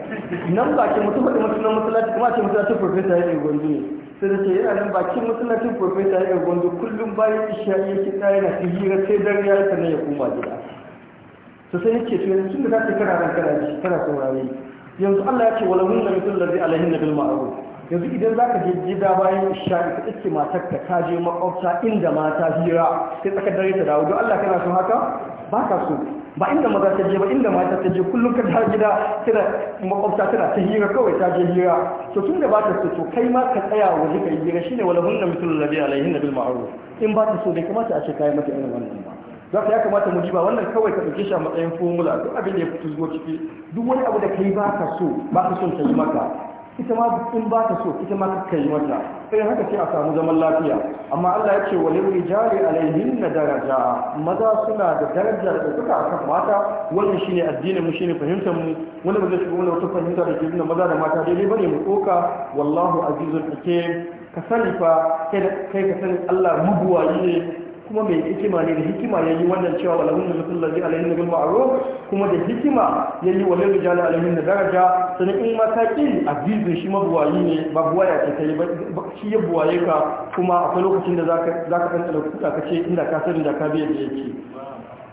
A: nan bakin mutum da mutum na masallaci kuma ce masallacin profesa ya gwandu ne sai da ce yana nan bakin masallacin profesa ya gwandu kullum bayan ishari ya ke tsaye na fi sai dare ya rika ya koma gida su sai yake to yanzu tun da za ce kana nan kana ji kana sauraye yanzu Allah ya ce wala hunna mithlu alladhi na bil ma'ruf yanzu idan za ka je gida bayan sha'i ka iske matar ka ta je makwabta inda mata hira sai tsakar dare ta dawo don Allah kana son haka ba ka so ba inda maza ta je ba inda mata ta je kullum ka dawo gida tana makwabta tana ta hira kawai ta je hira to tun da ba ta so to kai ma ka tsaya waje ka yi hira shine wala hunna mithlu nabi alaihi bil ma'ruf in ba ta so bai kamata a ce kai mata irin wannan ba za ka ya kamata mu ji ba wannan kawai ka ɗauke shi a matsayin formula duk abin da ya fito zuwa ciki duk wani abu da kai ba ka so ba ka son ta yi maka ita ma in ba so ita ma ka yi mata sai haka sai a samu zaman lafiya amma Allah ya ce wa lil rijali alaihin na daraja maza suna da daraja da suka akan mata wannan shine addinin mu shine fahimtar mu wani ba zai shiga wani wata fahimta da ke nuna maza da mata daidai bane mu koka wallahu azizul hakim ka sani fa kai ka sani Allah mabuwayi kuma mai hikima ne da hikima ya yi wannan cewa walamun da mutum lalzi alayhin da bilma aro kuma da hikima ya yi walahun jami'a alayhin da daraja sannan in matakin azizin shi mabuwayi ne ba buwaya ce ta yi shi ya buwaye ka kuma akwai lokacin da za ka ɗan ɗalakuta ka ce inda ka sani da ka biya da yake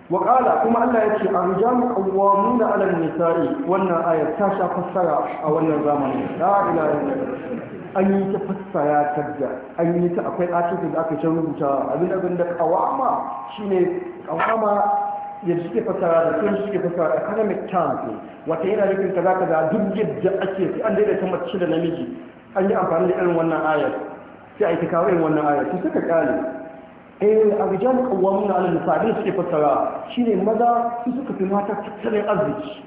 A: Wakala kuma allah ya ce a rijalu ƙawwamu da alal nisa'i wannan ayar ta sha fassara a wannan zamanin la da gaske. an yi ta fassara ta da an yi ta akwai article da aka can rubuta abin abin da kawama shine kawama ya suke fassara da sun suke fassara economic terms ne wata yana nufin kaza kaza duk yadda ake sai an daidaita mace da namiji an yi amfani da irin wannan ayar sai a yi ta kawo irin wannan ayar sai suka kare eh arjalu na 'ala sabin suke fassara shine maza su suka fi mata tattalin arziki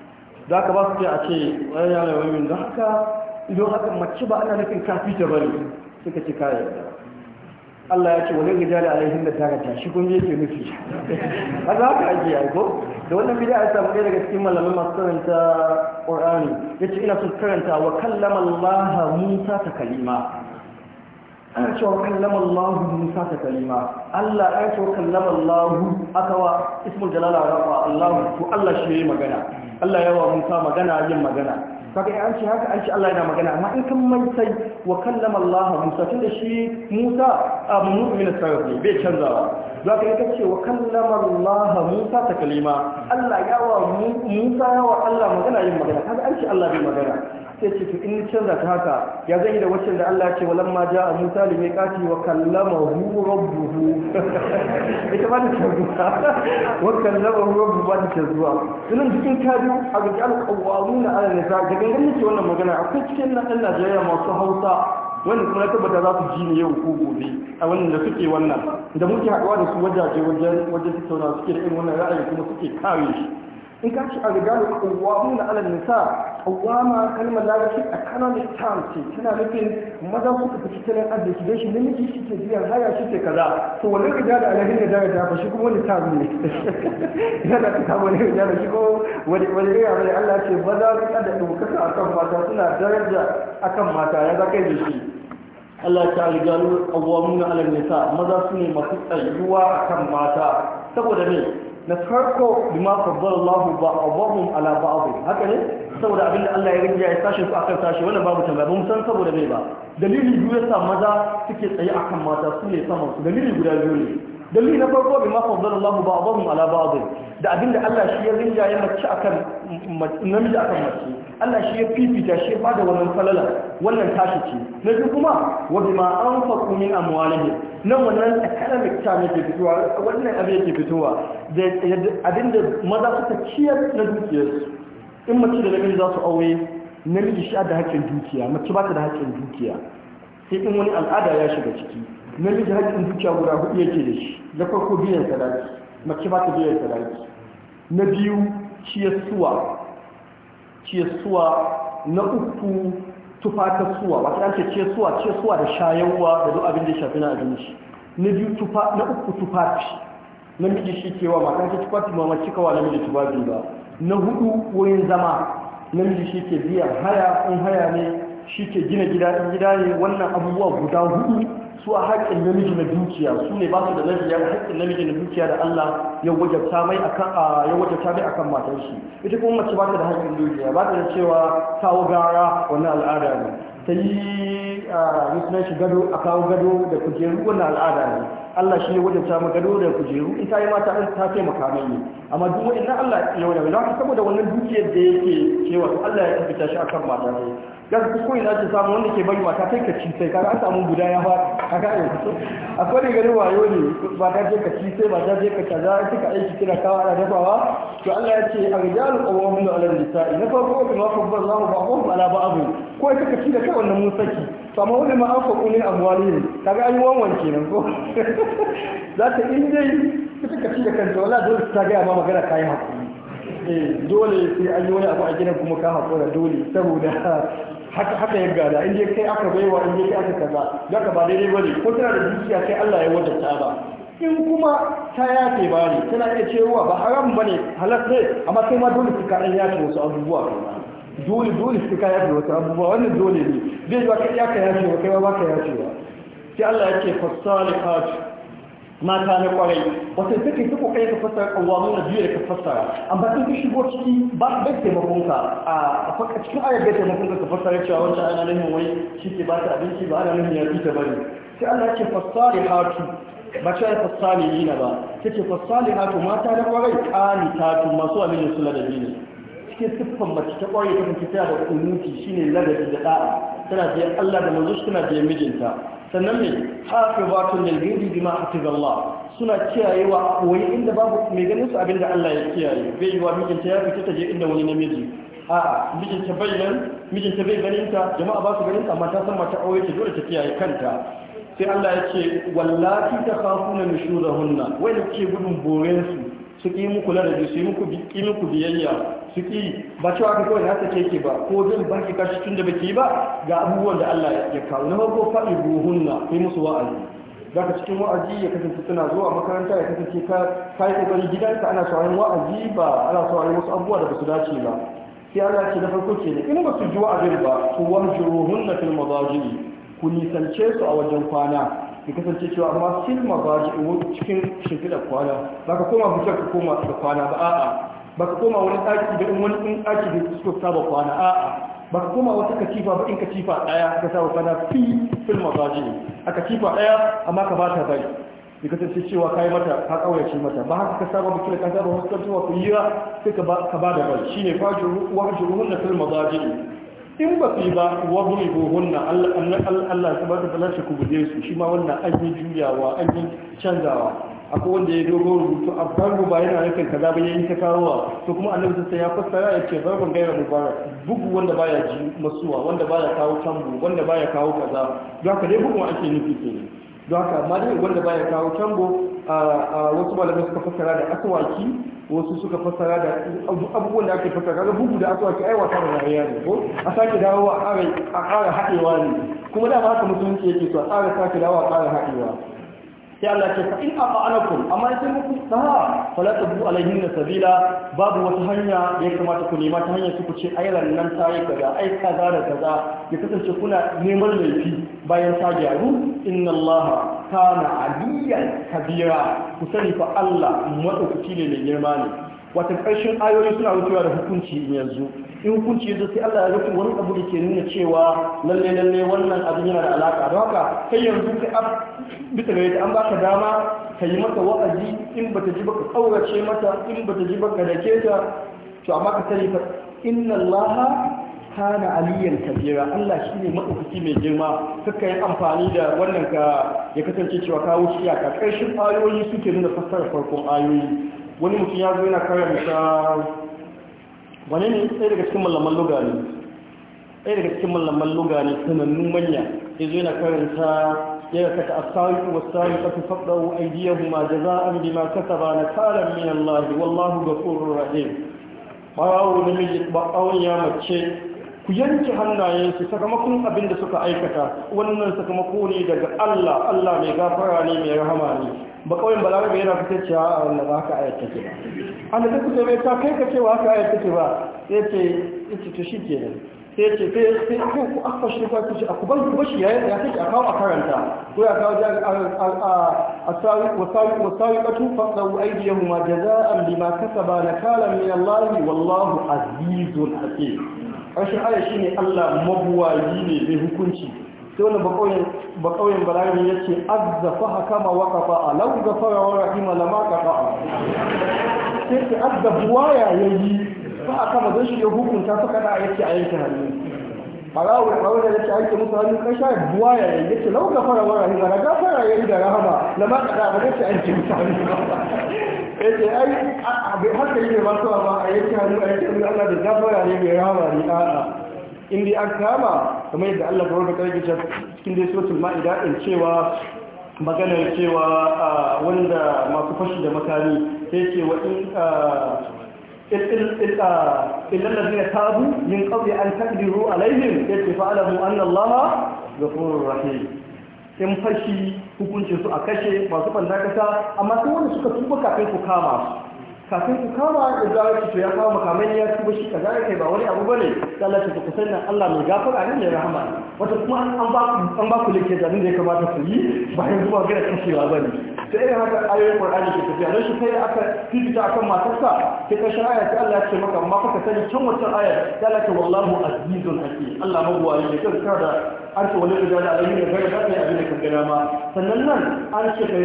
A: da aka ba su ce a ce wani yana wani da haka Ido haka mace ba ana nufin kafi ta bari suka ci kayan da Allah ya ce wani gida da alaihin da tara ta shi kun je ke nufi a za ka ake aiko da wannan bida a samu ɗaya daga cikin malamin masu karanta ƙorani ya ce ina sun karanta wa kallama Allah Musa ta kalima ana cewa kallama Allah Musa ta kalima Allah ya ce wa kallama Allah aka wa ismul jalala rafa Allah ko Allah shi yi magana Allah ya wa Musa magana yin magana kaga an ce haka an ce Allah yana magana amma in kan mai sai wa kallama Allah Musa tunda shi Musa abu mu'min sarf ne bai canzawa za ka yaka ce wa kallama Allah Musa ta kalima Allah ya wa Musa ya wa Allah magana yin magana kaga an ce Allah bai magana sai ce to in canza ta haka ya zan yi da wacce da Allah ce walamma ja a Musa li miqati wa kallama kallamahu rabbuhu ita ba ta canzuwa wa kallamahu rabbuhu ba ta canzuwa sunan cikin kadu a ga al-qawwamuna ala nisa da gangan nake wannan magana akwai cikin na dan Najeriya masu Hausa wanda kuma tabbata za su ji ne yau ko gobe a wannan da suke wannan da muke haɗuwa da su wajaje wajen wajen tattauna suke da irin wannan ra'ayi kuma suke kare shi in ka ci a rigalu kawamu na alal nisa kawama kalmar larabci economic ta ce tana nufin maza suka fi tattalin arziki dai shi namiji shi ke biyan haya shi ke kaza to wannan riga da alahin da daraja ba shi kuma wani term ne yana da ta wani riga da shi ko wani wani riga da Allah ce maza su riga da a kan mata suna daraja a kan mata ya za kai da shi Allah ta rigalu kawamuna alal nisa maza su ne masu tsayuwa kan mata saboda ne na farko bima faddala Allah ba'dhum ala ba'd haka ne saboda abinda Allah ya rinja ya tashi su akan tashi wannan babu tambaya ba mun san saboda bai ba dalili biyu yasa maza suke tsaye akan mata su ne saman su dalili guda biyu ne dalili na farko bi ma faddala Allah ba'dhum ala ba'd da abinda Allah shi ya rinja ya mace akan namiji akan mace Allah shi ya fifita shi ba da wannan falala wannan tashi ce na ji kuma wa bima anfaqu min amwalihim nan wannan economic ta ne ke fitowa wannan abin yake fitowa da abinda maza suka ciyar na dukiyarsu in mace da namiji za su aure namiji shi da hakkin dukiya mace ba ta da hakkin dukiya sai in wani al'ada ya shiga ciki namiji hakkin dukiya guda hudu yake da shi na farko biyan sadaki mace ba ta biyan sadaki na biyu ciyassuwa ciyassuwa na uku tufatarsuwa wata an ce ciyassuwa ciyassuwa da shayarwa da duk abin da shafi na abinci na biyu tufa na uku na namiji shi kewa matan ta tufafi ma mace kawa namiji tufafi ba na hudu wurin zama na miji shi ke biyan haya in haya ne shi ke gina gida in gida ne wannan abubuwa guda hudu su a haƙƙin namiji na dukiya su ne ba su da lafiya haƙƙin namiji na dukiya da Allah ya wajabta mai akan ya wajabta mai akan matar shi ita kuma mace ba ta da haƙƙin dukiya ba ta da cewa kawo gara wani al'ada ne ta musulun gado a kawo gado da kujeru wannan al'ada ne Allah shi ya wadanta mu gado da kujeru in ta yi mata an ta taimaka mai ne amma duk wani na Allah ya wani don saboda wannan dukiyar da yake cewa Allah ya tabbata shi akan mata ne gas ko ina ce samu wanda ke bari mata kai ka ci sai kaga an samu guda ya fa kaga ne akwai ne gari wayo ne ba ta je ka ci sai ba ta je ka kaza kika aiki kira kawa da dafawa to Allah ya ce a arjalu qawwamun ala nisa'i na farko kuma fa Allahu ba'dhum ala ba'd ko kai ka ci da kai wannan mun saki amma wani ma an faƙo min amwali ne kaga an yi wanwan kenan ko za ta in dai suka kashi da kanta wala dole ta gaya ma magana kayan haƙuri eh, dole sai an yi wani abu a gidan kuma ka haƙura dole saboda haka ya gada in dai kai aka baiwa in dai kai aka kaza ka ba daidai bane ko tana da dukiya kai Allah ya wadata ba in kuma ta yafe ba ne tana iya cewa ba haram bane halas ne amma kai ma dole ka kaɗan yafe wasu abubuwa dole dole su kaya da wata abubuwa wani dole ne zai ba kai ka yafe wa kai ba ka yafe wa sai Allah ya yake fasalihat mata na kwarai wata take ko kai ka fassara kawamu na biyu ka fasara amma sun ka shigo ciki ba bai taimakon ka a faka cikin ayar bai ta ka ka fasara cewa wancan ana nan wai shi ke ba ta abinci ba ana nan ya bi ta bane sai Allah yake fasalihat ba ta fasalihina ba take fasalihatu mata na kwarai tu masu aminin sulla da dini cikin siffan mace ta kwaye ta kanta da kunuti shine ladabi da da'a tana da Allah da manzo tana da mijinta sannan ne hafibatun lil ghaibi bima hafizallah suna kiyayewa wai inda babu mai ganin su abinda Allah ya kiyaye bai yiwa mijinta ya fita ta je inda wani namiji a'a mijinta bai nan mijinta bai ganin ta jama'a ba su ganin ta amma ta san mata aure ta dole ta kiyaye kanta sai Allah ya ce ta khafuna nushuzahunna wai ne ke gudun borensu suki muku ladabi su muku ƙi muku biyayya suki ba cewa ka kawai nasa ke ba ko zan ba ki kashi tun da baki yi ba ga abubuwan da Allah ya kawo na farko faɗi buhunna kai musu wa'azi za ka cikin wa'azi ya kasance suna zuwa makaranta ya kasance ka kai kokari gidanka ana sauraron wa'azi ba ana sauraron wasu abubuwa da ba su dace ba sai Allah ce na farko ke ne in ba su ji wa'azi ba to wahjuruhunna fil madajiri ku nisance su a wajen kwana ya kasance cewa amma fil mabaji cikin shimfiɗa kwana ba ka koma bujar ka koma da kwana ba a'a ba ka koma wani ɗaki da wani ɗin ɗaki da suka saba kwana a'a ba ka koma wata katifa ba in katifa ɗaya ka saba kwana fi fil ne a katifa ɗaya amma ka ba ta bai ya kasance cewa ka yi mata ka ƙauyace mata ba haka ka saba mutum ka saba wasu kantuwa ku yi sai ka ba da bai ne fajin wajen ruhun da fil ne in ba su yi ba wa hunna Allah su ba ta tala shi kubuje su shi ma wannan an yi juyawa an yi canzawa akwai wanda ya dogo rubutu a barbu ba yana nufin kaza ba ya yi ta kawowa to kuma annabi sai ya fassara ya ce zarfin gaira mubarak bugu wanda baya ji masuwa wanda baya kawo tambu wanda baya kawo kaza don haka dai bugun ake nufi ne. don haka amma dai wanda baya kawo tambo a wasu malamai suka fassara da asawaki wasu suka fassara da abubuwan da ake fassara ga bugu da aswaki ai wata da rayuwa ne ko a sake dawo a ƙara haɗewa ne kuma da ba haka mutunci yake so a ƙara sake dawo a ƙara haɗewa sai Allah ce fa in afa'anakum amma sai muku sa'a fala tabu alaihin sabila babu wata hanya ya kamata ku nema ta hanyar ku ce ayran nan ta yi kaza ai kaza da kaza ya kasance kuna neman laifi bayan ta gyaru inna Allah kana aliyan kabira ku sani fa Allah madaukaki ne mai girma ne wata ƙarshen ayoyi suna wucewa da hukunci yanzu in hukunci yanzu sai Allah ya rufe wani abu da ke nuna cewa lalle lalle wannan abin yana da alaka don haka kai yanzu sai ab bisa ga an baka dama ka yi mata wa'azi in bata ji baka ƙaurace mata in bata ji baka dake ta to amma ka sani fa inna Allah kana aliyan kabira Allah shi ne mai girma suka yi amfani da wannan ka ya kasance cewa wuce ya ka ƙarshen ayoyi suke nuna fassarar farkon ayoyi wani mutum ya zo yana karanta wani ne ɗaya daga cikin mallaman luga ne ɗaya daga cikin mallaman luga ne sanannun manya ya zo yana karanta ya kata asariku wasari kafin a aidiyahu ma Da za a bi ma kasaba na karan min Allah wallahu ghafurur rahim bawo namiji bawon ya mace ku yanke hannayensu sakamakon abin da suka aikata wannan sakamako ne daga Allah Allah mai gafara ne mai rahama ne ba kawai balarabe yana fita cewa a wannan ba haka ayar take ba an da duk bai ta kai ka ce cewa haka ayar take ba sai ce ita to shi kenan sai ce sai kai ku aka shi ba ku ci a kuban ku bashi yayin ya take a kawo a karanta ko ya kawo jami'a a sawi wa sawi wa sawi qatu faqdu aydiyahuma jazaa'an bima kasaba nakalan min Allah wallahu azizun hakim karshen ayar shine Allah mabuwayi ne mai hukunci sai ba bakauyen balarabi ya ce azzafa hakama wa kafa'a lau gafara wa rahima lama kafa'a sai ce azzafuwa ya yi ba a kama don shi ya hukunta suka a yake a yanke hannu a rawar rawar da ce ake musu hannu kan sha buwa ya ce, yake lau gafara wa rahima da gafara yi da rahama lama kafa'a ba yake an ce musu hannu yake ai a bai haka yi ne masu ba a yanke hannu a yanke hannu ana da gafara ne mai rahama ne a'a in an kama kamar yadda Allah ta wanda karfi cikin da suratul ma'ida in cewa maganar cewa wanda masu fashi da makami sai ce wa in إلا الذين تابوا من قبل أن تقدروا عليهم فاعلموا أن ga furin rahim in fashi hukuncin su a kashe masu banda kasa amma su wanda suka tuba kafin ku kama kafin ku kama da zarar ki ya kama kamar ya tuba shi kaza kai ba wani abu bane Allah ta ku sanin Allah mai gafara ne mai rahama wata kuma an ba ku an ba ku lake da ya kamata ku yi bayan zuwa ga kashewa bane sai irin haka ayoyin Qur'ani ke tafiya dan shi kai aka fitita akan matarsa sai ka aya ta Allah ya ce maka amma fa ka sani can wata ayar ta Allah ta wallahu azizun hakim Allah magwayi ne kan kada an ce wani guda da abin da gari za ka yi abin da kan gana ma sannan nan an ce ka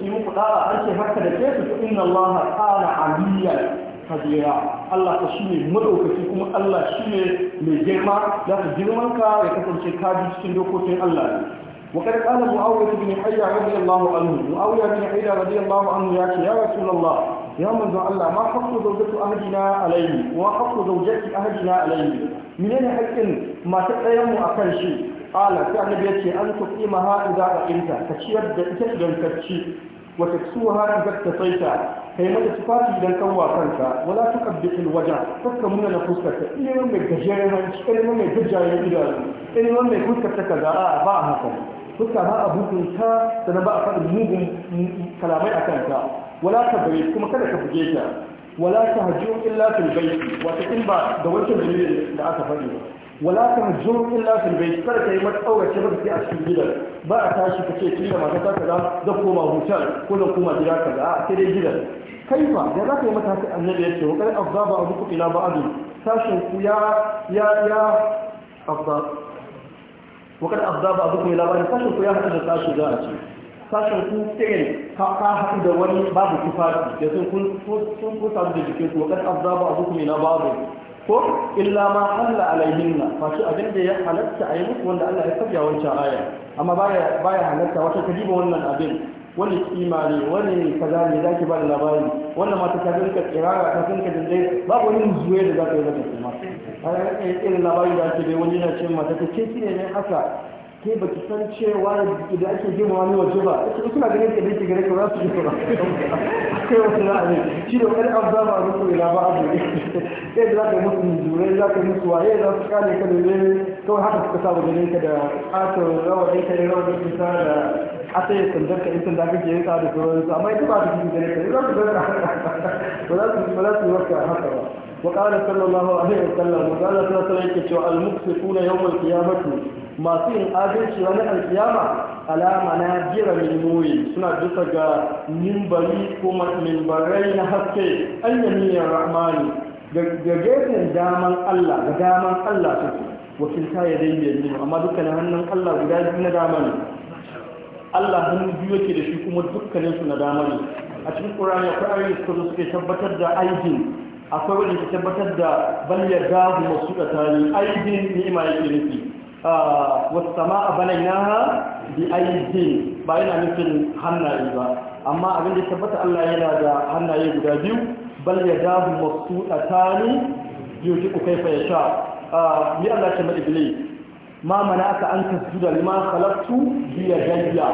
A: yi muku da'a an ce haka da ke su ta inna allaha ta'ala aliyan kabira Allah ka shi ne madaukaki kuma Allah shi ne mai girma za ka girman ka ya kasance ka bi cikin dokokin Allah ne وقد قال معاوية بن حية رضي الله عنه معاوية بن حية رضي الله عنه يا يا رسول الله يا من الله ما حق زوجة أهلنا عليه وما حق زوجة أهلنا عليه من أين حق ما تتيم أكل شيء qala sai annabi ce an tuqima ha idza qimta ka ciyar da ita idan ka ci wa taksuha idza tafaita kai mata tufafi idan kan wa kanka wala tuqabbil waja fakka munna na fuskarka ilimin mai gajeren hanci ilimin mai gajeren idanu ilimin mai fuskarta kaza a ba haka fuska ba a hukunta sannan ba a faɗin mugun kalamai a kanta wala ka bare kuma kada ka buge ta wala ta hajju illa fil baiti wata in ba da wancan dalilin da aka faɗi ba wala kan jur illa fil bayt kar kai mata tsaurace ba sai a cikin gidan ba a tashi ce kin da ta kaza da koma hotel ko da koma gida kaza a sai dai gidan kaifa da za ka yi mata haka annabi ya ce wa kai afza ba abu kuɗi na ba'adu sashin ku ya ya ya afza wa kai afza ba abu kuɗi ba ba'adu sashin ku ya haɗu da sashin za a ce sashin ku tsayin ka haɗu da wani babu tufafi da sun kun samu da jikin ku wa kai afza ba abu kuɗi na ba'adu ko illa ma halla alaihinna wato abin da ya halatta a yi musu wanda Allah ya sabya wancan aya amma baya baya halatta wata kadiba wannan abin wani kima wani kaza ne zaki ba da labari wannan mata ta rinka kirara ta rinka dindai babu wani zuwe da za ka yi zaka kuma a irin labari da ake bai wani yana ce mata ta ce ne haka ke ba ki san cewa idan ake gina wani waje ba su suna ganin da yake gare ka za su jima akwai wasu ra'ayi shi da wani abu zama musu ila ba abu ne sai za ka musu jurai za ka musu waye za su kare ka da zai kawai haka suka saba ganin ka da ƙasar rawar ɗin da, rawar ɗin da asai sandar ka isin da kake yin sa da sauransu amma ita ba ta cikin gare ka za su gare ka ba za su yi wata haka ba وقال صلى الله عليه وسلم وقال صلى الله عليه وسلم المكسفون يوم القيامة ما فين آدلش وانا القيامة على منابر من نوي سنة جسد منبري كما منبرين حسكي اليمين الرحمن جاجين داما الله داما الله سكي وكلتا يدين يمين أما دكنا هنن الله جاجين داما Allah hannu biyu yake da shi kuma dukkaninsu na dama ne a cikin ƙurani akwai ayoyi suka zo suke tabbatar da aikin akwai wanda ke tabbatar da balyar gahu masu da tari aibin ni'ima yake nufi ah, wasu sama a banai na bi aibin ba yana nufin hannaye ba amma abin da tabbata Allah yana da hannaye guda biyu balyar gahu masu da tari yau ji ku kai fa sha ni ah, Allah ce mai iblis ma mana aka an da lima khalaqtu biya yadayya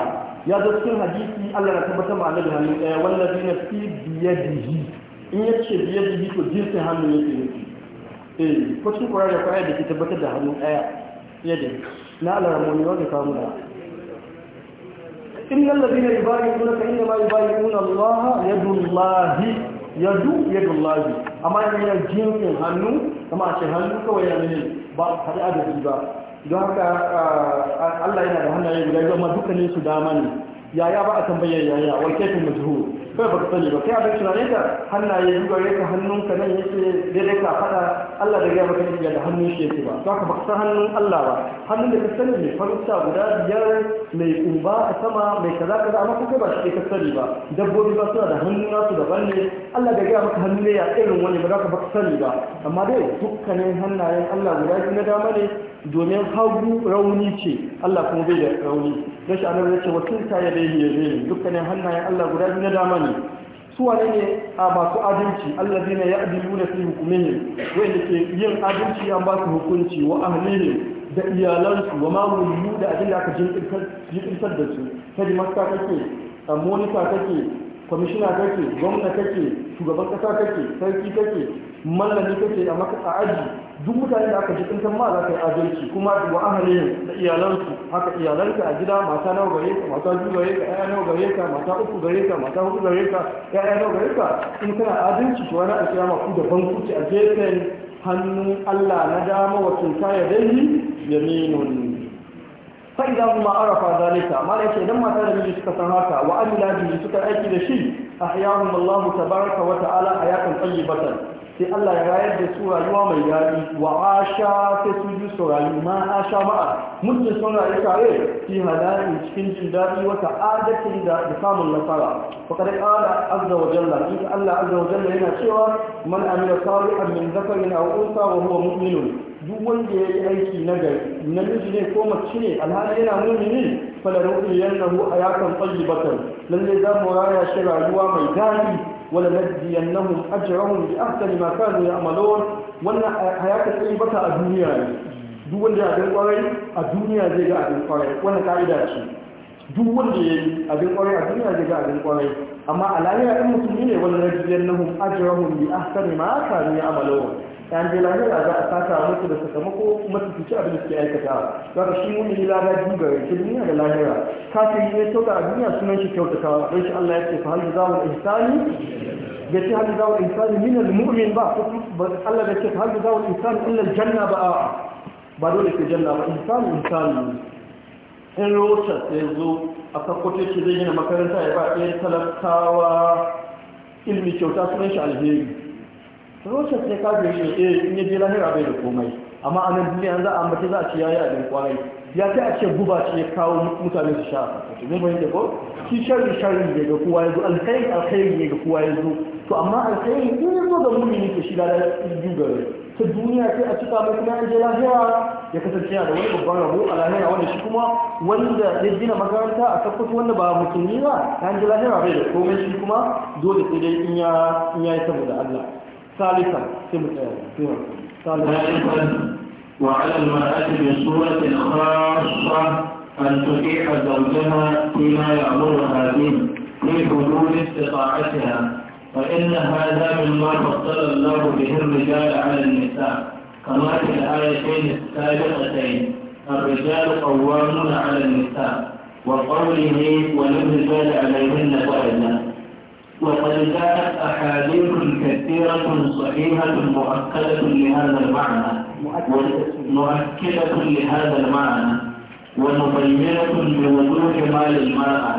A: ya zo cikin hadisi Allah ya tabbatar ma da hannu ɗaya wallazi nafsi bi yadihi in ya ce biyar da biko jirfe hannu ya ke nufi eh ko cikin kwarar da kwarar da ke tabbatar da hannu ɗaya ya da na alamomi wanda ka mu da in nan labi na ibari kuna ka inda ma ibari kuna allaha ya dullahi ya du ya amma ya yi hannu kama a ce hannu kawai ya ne ba haɗe a da ba don haka ah, allah yana da hannaye guda yau ma dukkanin su dama ne yaya ba a tambayar yaya wai kai kuma kai ba ka sani ba kai abin tunanin ka hannaye zuwa ya ka hannunka nan yake daidai ka faɗa Allah da ya maka da hannun shi yake ba za ka ba san hannun Allah ba hannun da ka sani mai farauta guda biyar mai kumba a sama mai kaza kaza amma kai ba shi ka sani ba dabbobi ba suna da hannu nasu daban ne Allah da ya maka hannu ne ya irin wani ba za ka ba sani ba amma dai dukkanin hannayen Allah guda biyu na dama ne domin hagu rauni ce Allah kuma bai da rauni don shi annabi ya wasu ta ya bai ya zai dukkanin hannayen Allah guda biyu na dama ne su wane ne a masu adalci Allah zai na ya adilu da fi wai da ke yin adalci an ba su hukunci wa ahlihi da iyalansu wa mamulu da abin da aka jinkirtar da su ta dimasta kake monita kake kwamishina kake gwamna kake shugaban kasa kake sarki kake mallami kake a maka aji duk mutane da aka jikin san ma za ka yi adalci kuma wa ahalin da iyalansu haka iyalanka a gida mata nawa gare ka mata biyu gare ka ƴaƴa nawa gare ka mata uku gare ka mata hudu gare ka ƴaƴa nawa gare ka in kana adalci to wani alƙiya ma ku da ce a gefen hannun Allah na dama wa kinta ya dai yaminun fa idan kuma arafa zalika mala yace idan mata da miji suka san haka wa amila bihi suka aiki da shi ahyahum Allahu tabaraka wa ta'ala hayatan tayyibatan sai Allah ya rayar da su rayuwa mai daɗi wa asha sai su ji su rayu ma asha ma'a sun rayu tare fi halalin cikin jin daɗi wata adatin da samun nasara fa kada qala azza wa jalla in Allah azza wa jalla yana cewa man amila salihan min dhakarin aw unsa wa huwa mu'minun duk wanda ya yi aiki na gari namiji ne ko mace ne alhali yana mumini falaruhu yannahu hayatan tayyibatan lalle za mu raya shi rayuwa mai daɗi wala nadiyannahum ajrahum bi ahsani ma kanu ya'malun wannan hayatan tayyibata a duniya ne duk wanda ya dan kwarai a duniya zai ga abin kwarai wannan ka'ida ce duk wanda ya yi abin kwarai a duniya zai ga abin kwarai amma a lahira in musulmi ne wala nadiyannahum ajrahum bi ahsani ma kanu ya'malun an je lahira za a saka musu da sakamako fice abin da suke aikata za ka shi yi lada biyu ga rance duniya da lahira yi ne sauka a duniya sunan shi kyautatawa don shi Allah ya ce fa hal jazawul ihsani ya ce hal jazawul ihsani min al mu'min ba ko Allah ya ce fa hal jazawul ihsani illa janna ba ba dole ke janna ba ihsani ihsani in rocha sai zo a kakkoce ce zai gina makaranta ya ba ɗaya talakawa ilmi kyauta sunan shi alheri roshar sai kafin shi eh in yaje lahira bai da komai amma a nan duniya za a mace za a ce yayi abin kwarai ya ta a ce guba ce ya kawo mutane su sha to mun bayyana ko shi shari sharri ne ga kowa yazo alkhairi alkhairi ne ga kowa yazo to amma alkhairi in yazo ga ne, to shi da yi gare ta duniya sai a cika mai kuma je lahira ya kasance da wani babban rabo a lahira wanda shi kuma wanda ya gina makaranta a sakwato wanda ba musulmi ba ya je lahira bai da komai shi kuma dole sai dai in ya in ya yi saboda Allah إيه، ثالثا ثالثا وعلى المرأة بصورة خاصة أن تطيع زوجها فيما يأمرها به في حدود استطاعتها وإن هذا مما فضل الله به الرجال على النساء كما في الآيتين السابقتين الرجال قوامون على النساء وقوله وللرجال عليهن درجة وقد جاءت أحاديث كثيرة صحيحة مؤكدة لهذا المعنى مؤكدة لهذا المعنى ومبينة بوضوح ما للمرأة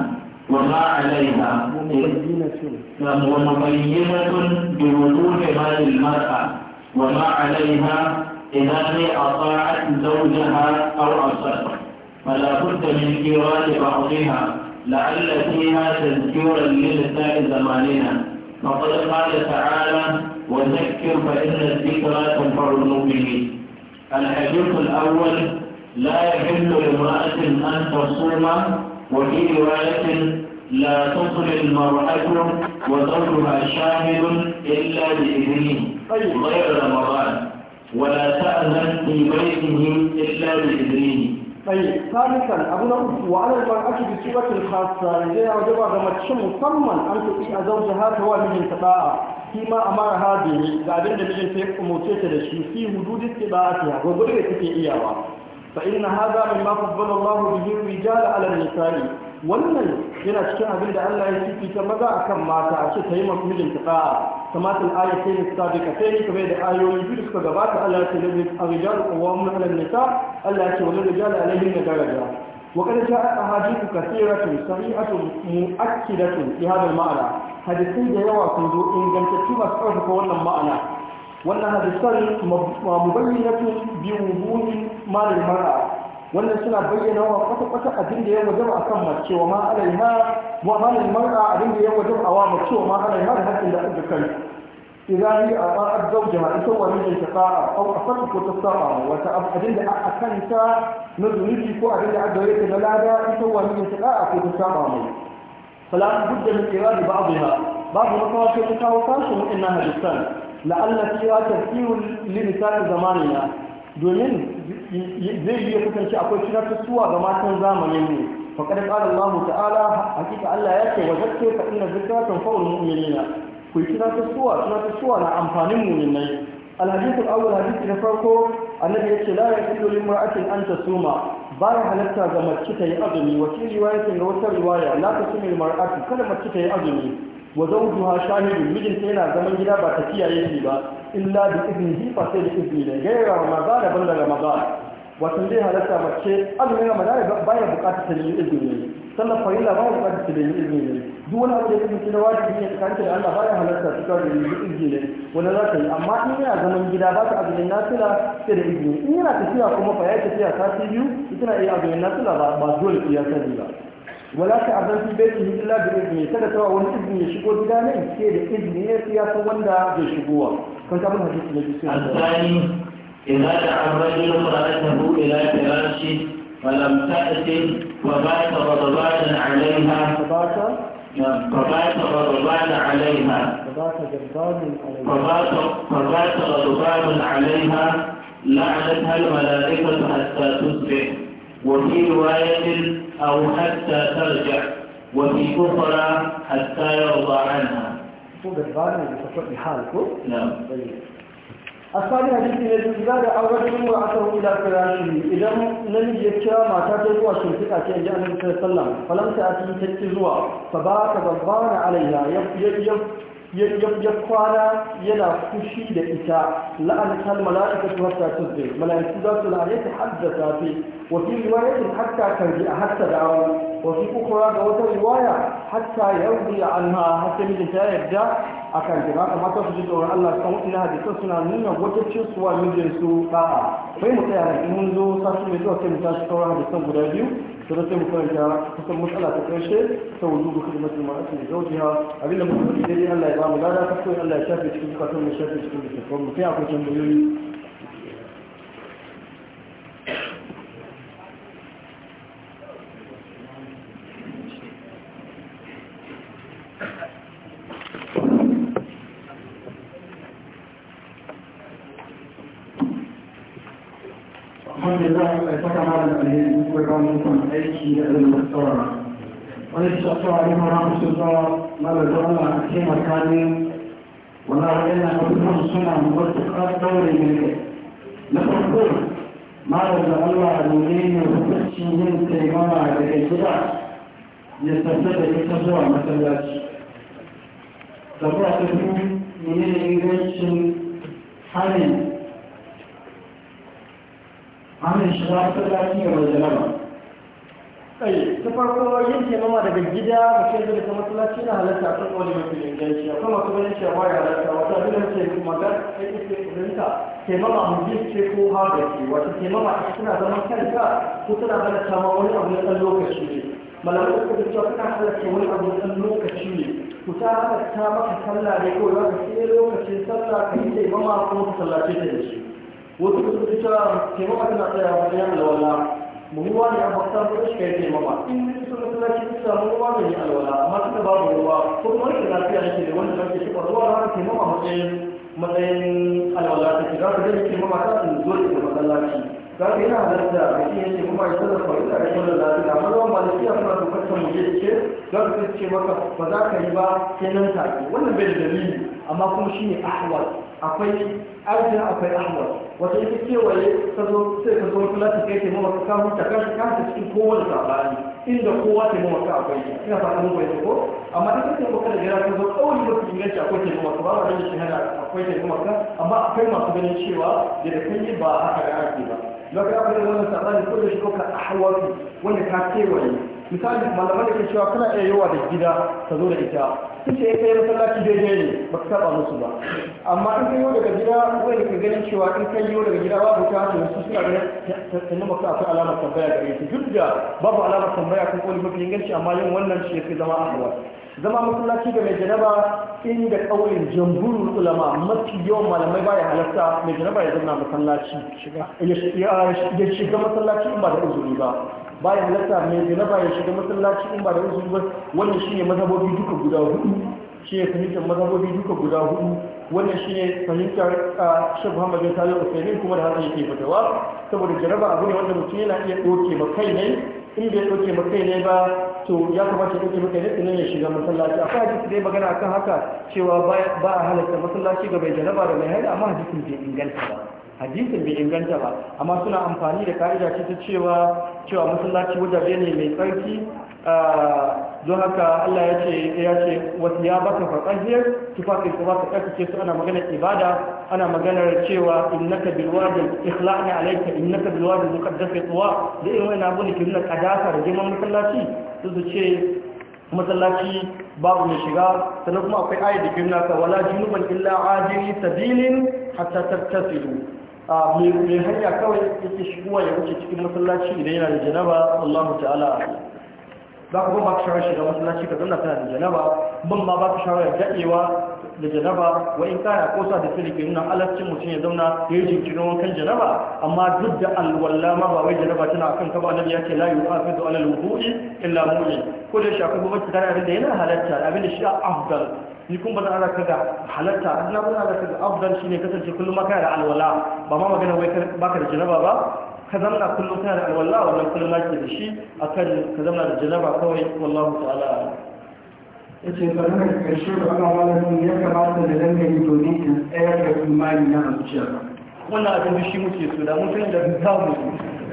A: وما عليها ومبينة بوضوح ما للمرأة وما عليها إذا هي أطاعت زوجها أو أصر فلا بد من إيراد بعضها لعل فيها تذكيرا لنساء زماننا فقد قال تعالى وذكر فإن الذكرى تنفع المؤمنين الحديث الأول لا يحل لامرأة أن تصوم وفي رواية لا تصل المرأة وزوجها شاهد إلا بإذنه غير رمضان ولا تأذن في بيته إلا بإذنه ɗaya sabisan abu na uku wa ana ba ake da cibatin kasa da ya wajen ba ga mace musamman an ta a zauce har ta wa mijin ta ba'a ma a mara hajji ne ga abinda da mijin ta ya kumoce ta da shi fi hududu ke ba'a ta ya gwagwari da suke iyawa fa inna hada min ma fadala Allahu bihi rijala ala nisa'i wannan yana cikin abinda Allah ya fifita maza a kan mata a ce ta yi mijin mijinta ba'a kamata al'ayar ce ne suka duka sai ne da ayoyi biyu suka gabata Allah ya ce da a rijal wa mun alal nisa Allah ya ce wala rijal alayhi na daraja wa kada ta ahadithu kathiratun sahihatun mu'akkidatun li hadha al-ma'na hadithai da yawa sun zo ingantattu ba su ko wannan ma'ana wannan hadithai mabayyinatu bi wujudi ma'al mar'a wannan suna bayyana wa kwata-kwata abin da ya wajen a kan mace wa ma'alai ma wa ma'alai mar'a abin da ya wajen a wa mace wa ma'alai ma da hakkin da aka kai idan yi a ba'ar zauja ma ita wani da ta sa'a au a fata ko ta sa'a wata abin da a kanta na zunubi ko abin da aka yi na lada ita wani da ta ko ta saba mai fala budda min iradi ba'dha babu makawa ta kawo kashin wa'annan hadisan la'alla fiha tafsirun li lisan zamanina domin zai yi kasance akwai tunatattuwa ga matan zamanin ne faƙar Allah ta'ala hakika Allah ya ce wa zakke ka inna zikratun fa'ul mu'minina ku yi tunatattuwa tunatattuwa na amfanin mu'minai alhadith al-awwal hadisi na farko annabi yace la yaqulu lil mar'atin an suma. baya halatta ga mace ta yi azumi wa fi riwayatin ga wata riwaya la tasumi lil mar'ati kada mace ta yi azumi wa zawjuha shahidun mijinta yana zaman gida ba tafiya yake ba illa da idnihi fa sai da idni da gaira da ban da ramadan wato dai halatta mace azumin ramadan baya bukata ta nemi izini sannan farilla baya bukatar ta nemi izini duk wani abu da ya kasance na wajibi ne tsakanin da Allah baya halatta su kawai da nemi izini wani za ta yi amma in yana zaman gida ba ta azumin nasila sai da izini in yana tafiya kuma fa ya tafiya sati biyu ita na iya azumin nasila ba dole ya sani ba ولا كأذن في بيته إلا بإذنه تدى وان إذنه شكوى دلاني كيد إذنه في أتوان دا جي شكوى كنت أبن حديث نجي سيدنا الثاني إذا تعرض رأته إلى فراشه فلم تات فبات غضبات عليها فبات غضبان نعم، عليها فبات غضبان عليها فبات غضبات عليها لعنتها الملائكة حتى تصبح وفي رواية أو حتى ترجع وفي أخرى حتى يرضى عنها وبالبارة بتصرف حالكم نعم الثاني حديث من الزبادة أو رجل وعثه إلى فراشه إذا لم يكرا ما تاتيه وشمسك أتي أجاء النبي صلى الله عليه وسلم فلم تأتي تتزوى فبارك غضبان عليها ya kwana yana fushi da ita la'an kal mala'ikatu hatta tuzdi mala'iku za su la'ayyata hadda safi wa fi riwayatin hatta karbi a hatta dawo wa fi ukhra ga wata riwaya hatta ya yardi anha hatta mijinta yarda a kan ta ba kamata su ji tsoron Allah kan waɗanda sun suna nuna wata cewa mijin su ɗa'a bai mu tsaya nan in mun zo sashi mai zuwa sai mu tashi sauran hadisan guda biyu su da sai mu karanta kusan matsala ta ƙarshe ta wuzu ga kuma mutum su ne zauji ha abin da mutum da daidai Allah ya ba mu lada kasuwa Allah ya shafe cikin bukatun mu shafe cikin bukatun mu sai akwai tambayoyi alhamdulillah ya saka malam alheri kuma ba mu aiki da irin masawara wani shafa a yi mara musu zuwa malam da Allah a taimaka ne wala yana abubuwan suna matuƙar daure ne na farko malam da Allah ne ne hukuncin yin taimama daga gida ya tafi da ita zuwa masallaci da ba ta fi ne ingancin hannun hannun shiga masallaci ga mai jalaba ta farko yin taimama daga gida mutum zai daga masallaci na halatta a kan wani mafi inganci akwai masu ganin cewa ya halatta wata dole ce magar ta ce kudinta taimama mutum ce ko hagaci wata taimama ita tana zaman kanta ko tana halatta ma wani abu na ɗan lokaci ne malamai suka cewa tana halatta wani abu na ɗan lokaci ne ku ta halatta maka sallah ne ko za ka sai lokacin sallah ka yi taimama ko ka sallace ta da shi wasu da cewa taimaka tana tsaya wani yana alwala muhuwa ne a bakta ko shiga ya taimaka in su suka tsaya ki kusa ruwa ne ya alwala amma suka ba mu ruwa ko kuma rashin lafiya ne wani wanda zai shiga ruwa na taimaka matsayin matsayin alwala ta shiga ka zai taimaka ta in zo da masallaci za ka yana halarta a cikin yake kuma ya sarrafa ita a cikin lafiya amma ruwan malikiya suna bukatar mu je ce za ka ce maka ba za ka yi ba sai nan take wannan bai da dalili amma kuma ne ahwal akwai arzikin akwai ahwar wata ita kewaye ta zo sai ka zo kula ta kai taimaka ka samu ta kashi kanta cikin kowane sabani inda kowa taimaka akwai shi ina fata mun bai ko amma ita taimaka da jira ta zo kawai mafi inganci akwai taimaka ba ba da shi hana akwai taimaka amma akwai masu ganin cewa da da kai ba haka da ake ba lokacin akwai wannan sabani ko da shi ko ka ahwar wanda ka kewaye misali malamai da ke cewa kana iya yawa da gida ka zo da ita sun ce kai eh, masallaci daidai ne ba ka saba musu ba amma in kai yau daga gida wai da ka ganin cewa in kai yau daga gida babu ta hanyar su suna ganin sannan ba akwai alamar tambaya da ita, duk da babu alamar tambaya kan koli mafi inganci amma yin wannan shi ya fi zama ahwal zama masallaci ga mai janaba inda kaulin Jamburin ulama mafi yawan malamai baya halarta mai janaba ya zama masallaci ya shiga masallaci in ba da uzuri ba Bayan ya halatta mai zina ya shiga masallaci in ba da wasu ba wannan shine mazhabobi duka guda hudu shi ne fahimtar mazhabobi duka guda hudu wannan shi ne fahimtar a shafi hamadin talib usaimin kuma da ya yake fitawa saboda jaraba abu ne wanda mutum yana iya ɗauke ma kai ne in bai ɗauke ma kai ne ba to ya kamata ya ɗauke ma kai ne sannan ya shiga masallaci akwai hadisi dai magana akan haka cewa ba a halatta masallaci ga mai jaraba da mai haila amma hadisin bai inganta ba hadisin bai inganta ba amma suna amfani da ka'ida ce ta cewa cewa masallaci wajabe ne mai tsarki don haka Allah ya ce ya ce wasu ya baka fasahiyar tufafin ku baka tsarkake su ana maganar ibada ana maganar cewa innaka bil wadi ikhla'na alayka innaka bil wadi muqaddas tuwa da irin wannan abu ne ke nuna kadasa da girman masallaci su ce masallaci babu mai shiga sannan kuma akwai ayyukan nasa wala junuban illa ajiri sabilin hatta tattasilu mai hanya kawai yake shigowa ya wuce cikin masallaci idan yana da janaba Allah ta'ala ba ku ba ka shawarar shiga masallaci ka zanna tana da janaba ban ma ba ka da daɗewa da janaba wa in kana ko sa da sirri ke nuna alaccin mutum ya zauna ya yi jinkirin wankan janaba amma duk da alwallama ma ba wai janaba tana kan ka ba annabi ya ce la yuhafizu ala alwudu'i illa mu'min ko da shi akwai ki da yana halatta abin da shi afdal ni kuma ba zan ala kaga halatta ina ba zan ala kaga afdal shine kasance kullum kana da alwala ba ma magana wai baka da janaba ba ka zamna kullum kana da alwala wannan kullum nake da shi akan ka zamna da janaba kawai wallahi ta'ala yace ba ka shi da ana ne ya kamata da dangane domin in tsayar da imani na zuciya wannan abin da shi muke so da mun san da zamu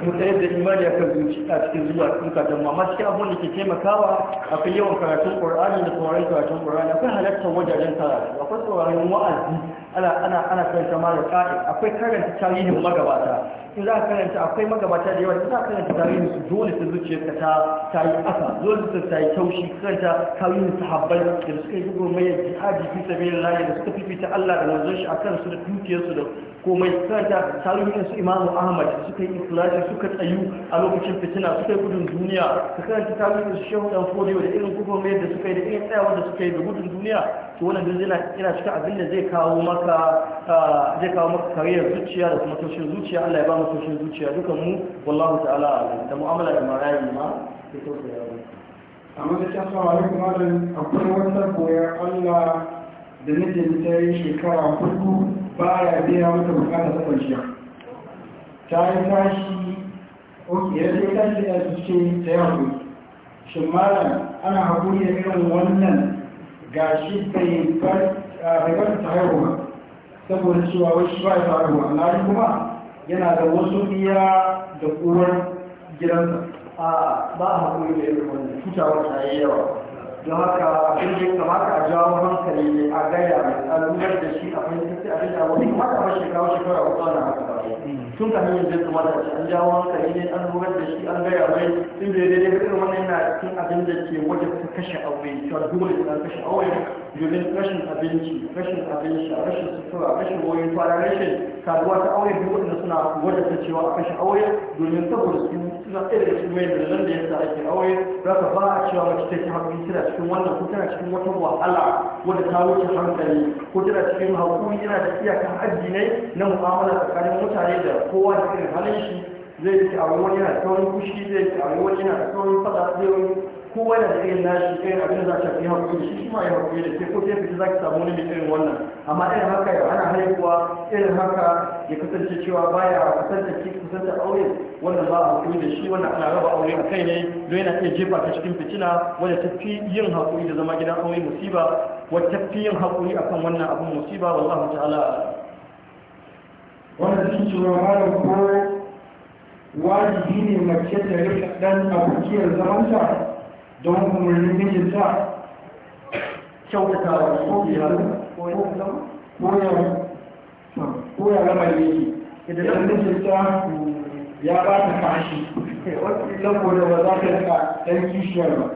A: mu imani da imani a cikin zuwa zukatan mu amma cikin abun da ke taimakawa kan yawan karatun qur'ani da sauraron karatun qur'ani akwai halartar wajajen karatu akwai sauraron wa'azi ana ana karanta ma da ƙa'id akwai karanta tarihin magabata in za ka karanta akwai magabata da yawa in za ka karanta tarihin su dole su zuciyarka ta ta yi asa dole su ta yi taushi karanta tarihin habbai da suka yi mai jihadi fi sabilillah da suka fifita Allah da manzon shi kan su da dukiyarsu da komai karanta tarihin su Imam Ahmad suka yi ikhlasi suka tsayu a lokacin fitina suka yi gudun duniya ka karanta tarihin su Shehu Dan Fodiyo da irin mai da suka yi da irin tsayawar da suka yi da gudun duniya to wannan duk yana cikin abin da zai kawo maka zai kawo maka kariyar zuciya da kuma toshin zuciya Allah ya ba mu toshin zuciya dukan mu wallahu ta'ala da mu'amala da marayi ma ke tausaya mu amma da ta fara alaikum malam akwai wata koyar Allah da nake ta yi shekara hudu baya biya mata bukatar ta kwanciya ta yi tashi oke ya ya tashi da ta ce ta yi shin malam ana hakuri da irin wannan ga shi bai bar eh, tayarwa saboda cewa wasu ba ya tayarwa alhali kuma yana da wasu biya da uwar gidansa a ba a haƙuri da irin wannan cutawar ta yi yawa don haka abin da ya kamata a jawo hankali a gaya mai al'ummar da shi a fahimtar sai abin da wani kamata a bashi shekara uku ana haka ba tun ka yin zai kamata a an jawo hankali ne an lura da shi an gaya mai in bai daidai irin wani yana cikin abin da ke waje ta kashe aure ta dole ta kashe aure domin rashin abinci rashin abin sha rashin sutura rashin wayoyin fara rashin karuwa ta aure duk wanda suna wajen cewa a kashe aure domin saboda su na irin da cikin wayan nan da yasa ake aure za ka ba a cewa mace take haƙuri tana cikin wannan ko tana cikin wata wahala wadda ta wuce hankali ko tana cikin haƙuri yana da iyakan aji ne na mu'amala tsakanin mutane da kowa da irin halin shi zai yi aure wani yana da saurin fushi zai yi aure wani yana da saurin faɗa zai kowa da zai nashi kai abin za ta fi haƙuri shi ma ya hakuri da sai ko sai fita za ki samu wani irin wannan amma irin haka ya ana haihuwa irin haka ya kasance cewa baya kusanta ki kusanta aure wannan ba a haƙuri da shi wannan ana raba aure a kai ne don yana iya jefa ta cikin fitina wadda ta fi yin haƙuri da zama gidan aure musiba wadda ta fi yin hakuri akan wannan abin musiba wallahu ta'ala wannan shi cewa malam ko wajibi ne mace ta rika dan abokiyar zamanta don umarnin mijin ta kyautata wa ko mai yake idan mijin ta ya ba ta kashi wasu saboda ba za ta rika ɗan kishiyar ba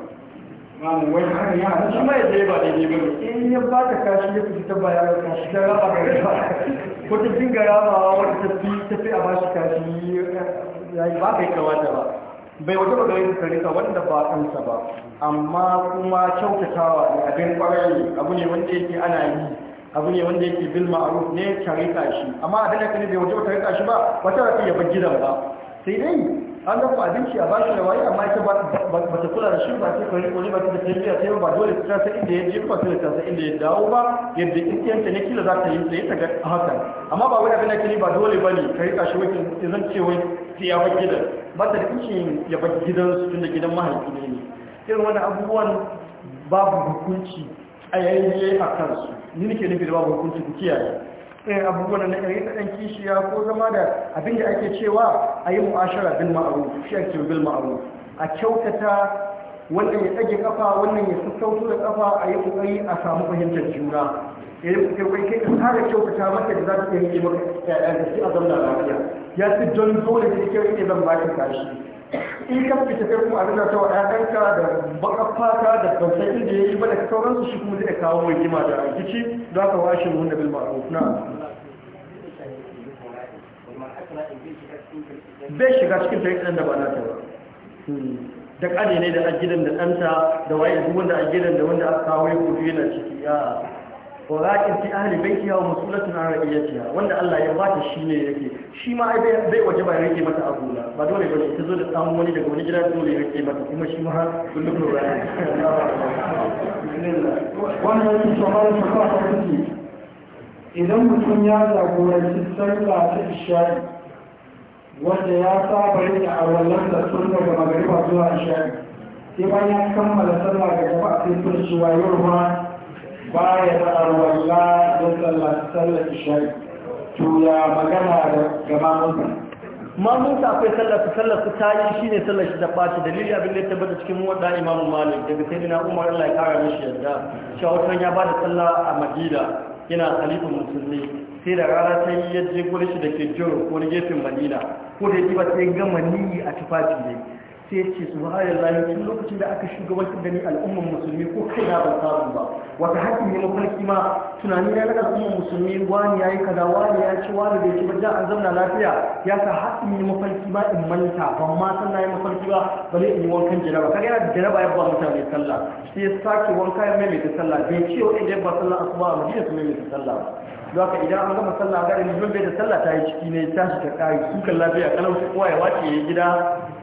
A: malam wai haka ya hada shi mai ba daidai ba in ya ba ta kashi ya fita ba ga kashi ta raba ga ba wata jinga wata tafi a ba shi kashi ya ba kai kawata ba bai wata ba gare ka wanda ba kansa ba amma kuma kyautatawa ne abin kwarai abu ne wanda yake ana yi abu ne wanda yake bil ma'ruf ne ka shi amma abin da kane bai wata ba rika shi ba wata rafi ya bar gidan ba sai dai an dafa abinci a bashi rawayi amma ita ba ta kula da shi ba sai ka riko ne ba ta da ta sai ba dole ta san inda ya je ba sai ta san inda ya dawo ba yadda ikiyanta ne kila za ta yi sai ta ga hakan amma ba wani abin da kane ba dole ba ka rika shi wai zan ce wai sai ya bar gidan ba ta da kishin ya bar gidan su tun da gidan mahaifi ne ne irin wani abubuwan babu hukunci a yayin a kansu ni ne ke nufi da babu hukunci ku kiyaye irin abubuwan na ɗari na ɗan kishiya ko zama da abin da ake cewa a yi mu'ashara bil ma'aruf shi ake bil ma'aruf a kyautata wannan ya ɗage kafa wannan ya sassauto da kafa a yi ƙoƙari a samu fahimtar juna ya yi kai ka kare kyautata maka da za ta iya yi maka ƴaƴan da shi a zauna lafiya ya fi don dole da yake rike zan baki kashi in ka fi kai kuma a rina ta wa ƴaƴanka da bakar fata da kausar inda ya yi ba da sauransu shi kuma zai kawo mai gima da rikici za ka washe mun da bil na bai shiga cikin ta ɗan da ba na tawa ba da ƙane ne da a gidan da ɗanta da waye duk wanda a gidan da wanda aka kawo ya kudu yana ciki ya wa raqin fi ahli baitiha wa mas'ulatun an ra'iyatiha wanda Allah ya bata shi ne yake shi ma ai bai waje ba yake mata abula ba dole ba ta zo da samu wani daga wani gida dole yake mata kuma shi ma kullum ne ya wannan shamar shamar sarki idan mutum ya jagoranci sallah ta ishari. wanda ya saba yin awallan da sun daga magariba zuwa ishari. sai bayan kammala sallah ga jama'a sai sun shi wayarwa baya da walla don sallar isha'i to ya magana ga mamunsa mamunsa akwai sallar su sallar su ta yi shi ne sallar shi da ɓaci dalili abin da ya tabbata cikin wadda imamu malik daga sai na umar allah ya kara mishi yadda shawartar ya ba da sallah a madina yana khalifin musulmi sai da rana ta yi yaje gurin shi da ke jiro ko na gefen madina ko da ya ba sai gama maniyi a tufafi ne sai ce su haya zai tun lokacin da aka shugabantar da ni al'ummar musulmi ko kai na ban samu ba wata haƙƙin ne mafarki ma tunani na daga al'ummar musulmi wani ya yi kaza wani ya ci wani da ya ci bajan an zauna lafiya ya sa haƙƙin ne mafarki ma in manta ban ma san na yi mafarki ba bale in yi wankan jaraba kaga yana jaraba ya ba mutane sallah sai ya sake wanka ya maimaita sallah bai ce wani da ya ba sallah asuba a madina su maimaita sallah ba idan an gama sallah garin bai da sallah ta yi ciki ne ta shi ta kai sukan lafiya kalau kowa ya wace ya gida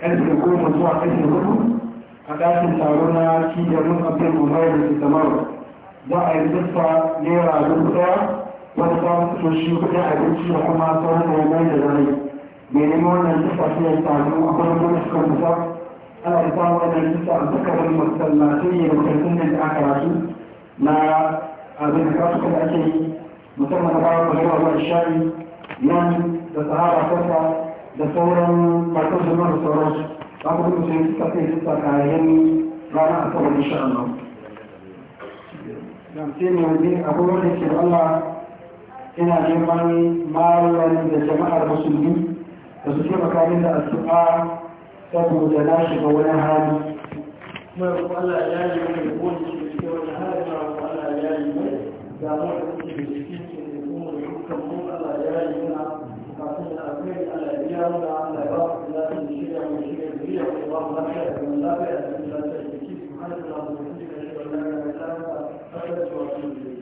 A: karfe goma zuwa karfe hudu a ɗakin taro na cibiyarun abin umaru da samaru za a yi zuffa naira dubu ɗaya wani samun toshi kuɗin abinci da kuma sauran da yanayi da zane mai neman wannan zuffa shi ya samu akwai goma suka musa ana da samun wannan zuffa a dukkanin masallatai ne da mutum da aka rasu na abin da kasu da ake yi musamman na bayan kwarewa wani shari yan da sahara kasa da sauran masu zama da sauransu abubuwan da suka kai suka kayan rana a kawai Nan Allah. Damce ne wani abubuwan da ke Allah ina neman malam da jama'ar musulmi da su ke min da addu'a saboda na shiga wani hali. Mai roƙo Allah ya yi mai da ya shi wani hali na roƙo Allah ya yi mai da mu da kuke da cikin yi da kuma da dukkan mu Allah ya yi mana kafin da alkhairi Allah godiya da Allah ya ba ku lafiya shirya mai shirya da biya da da da da da da da da da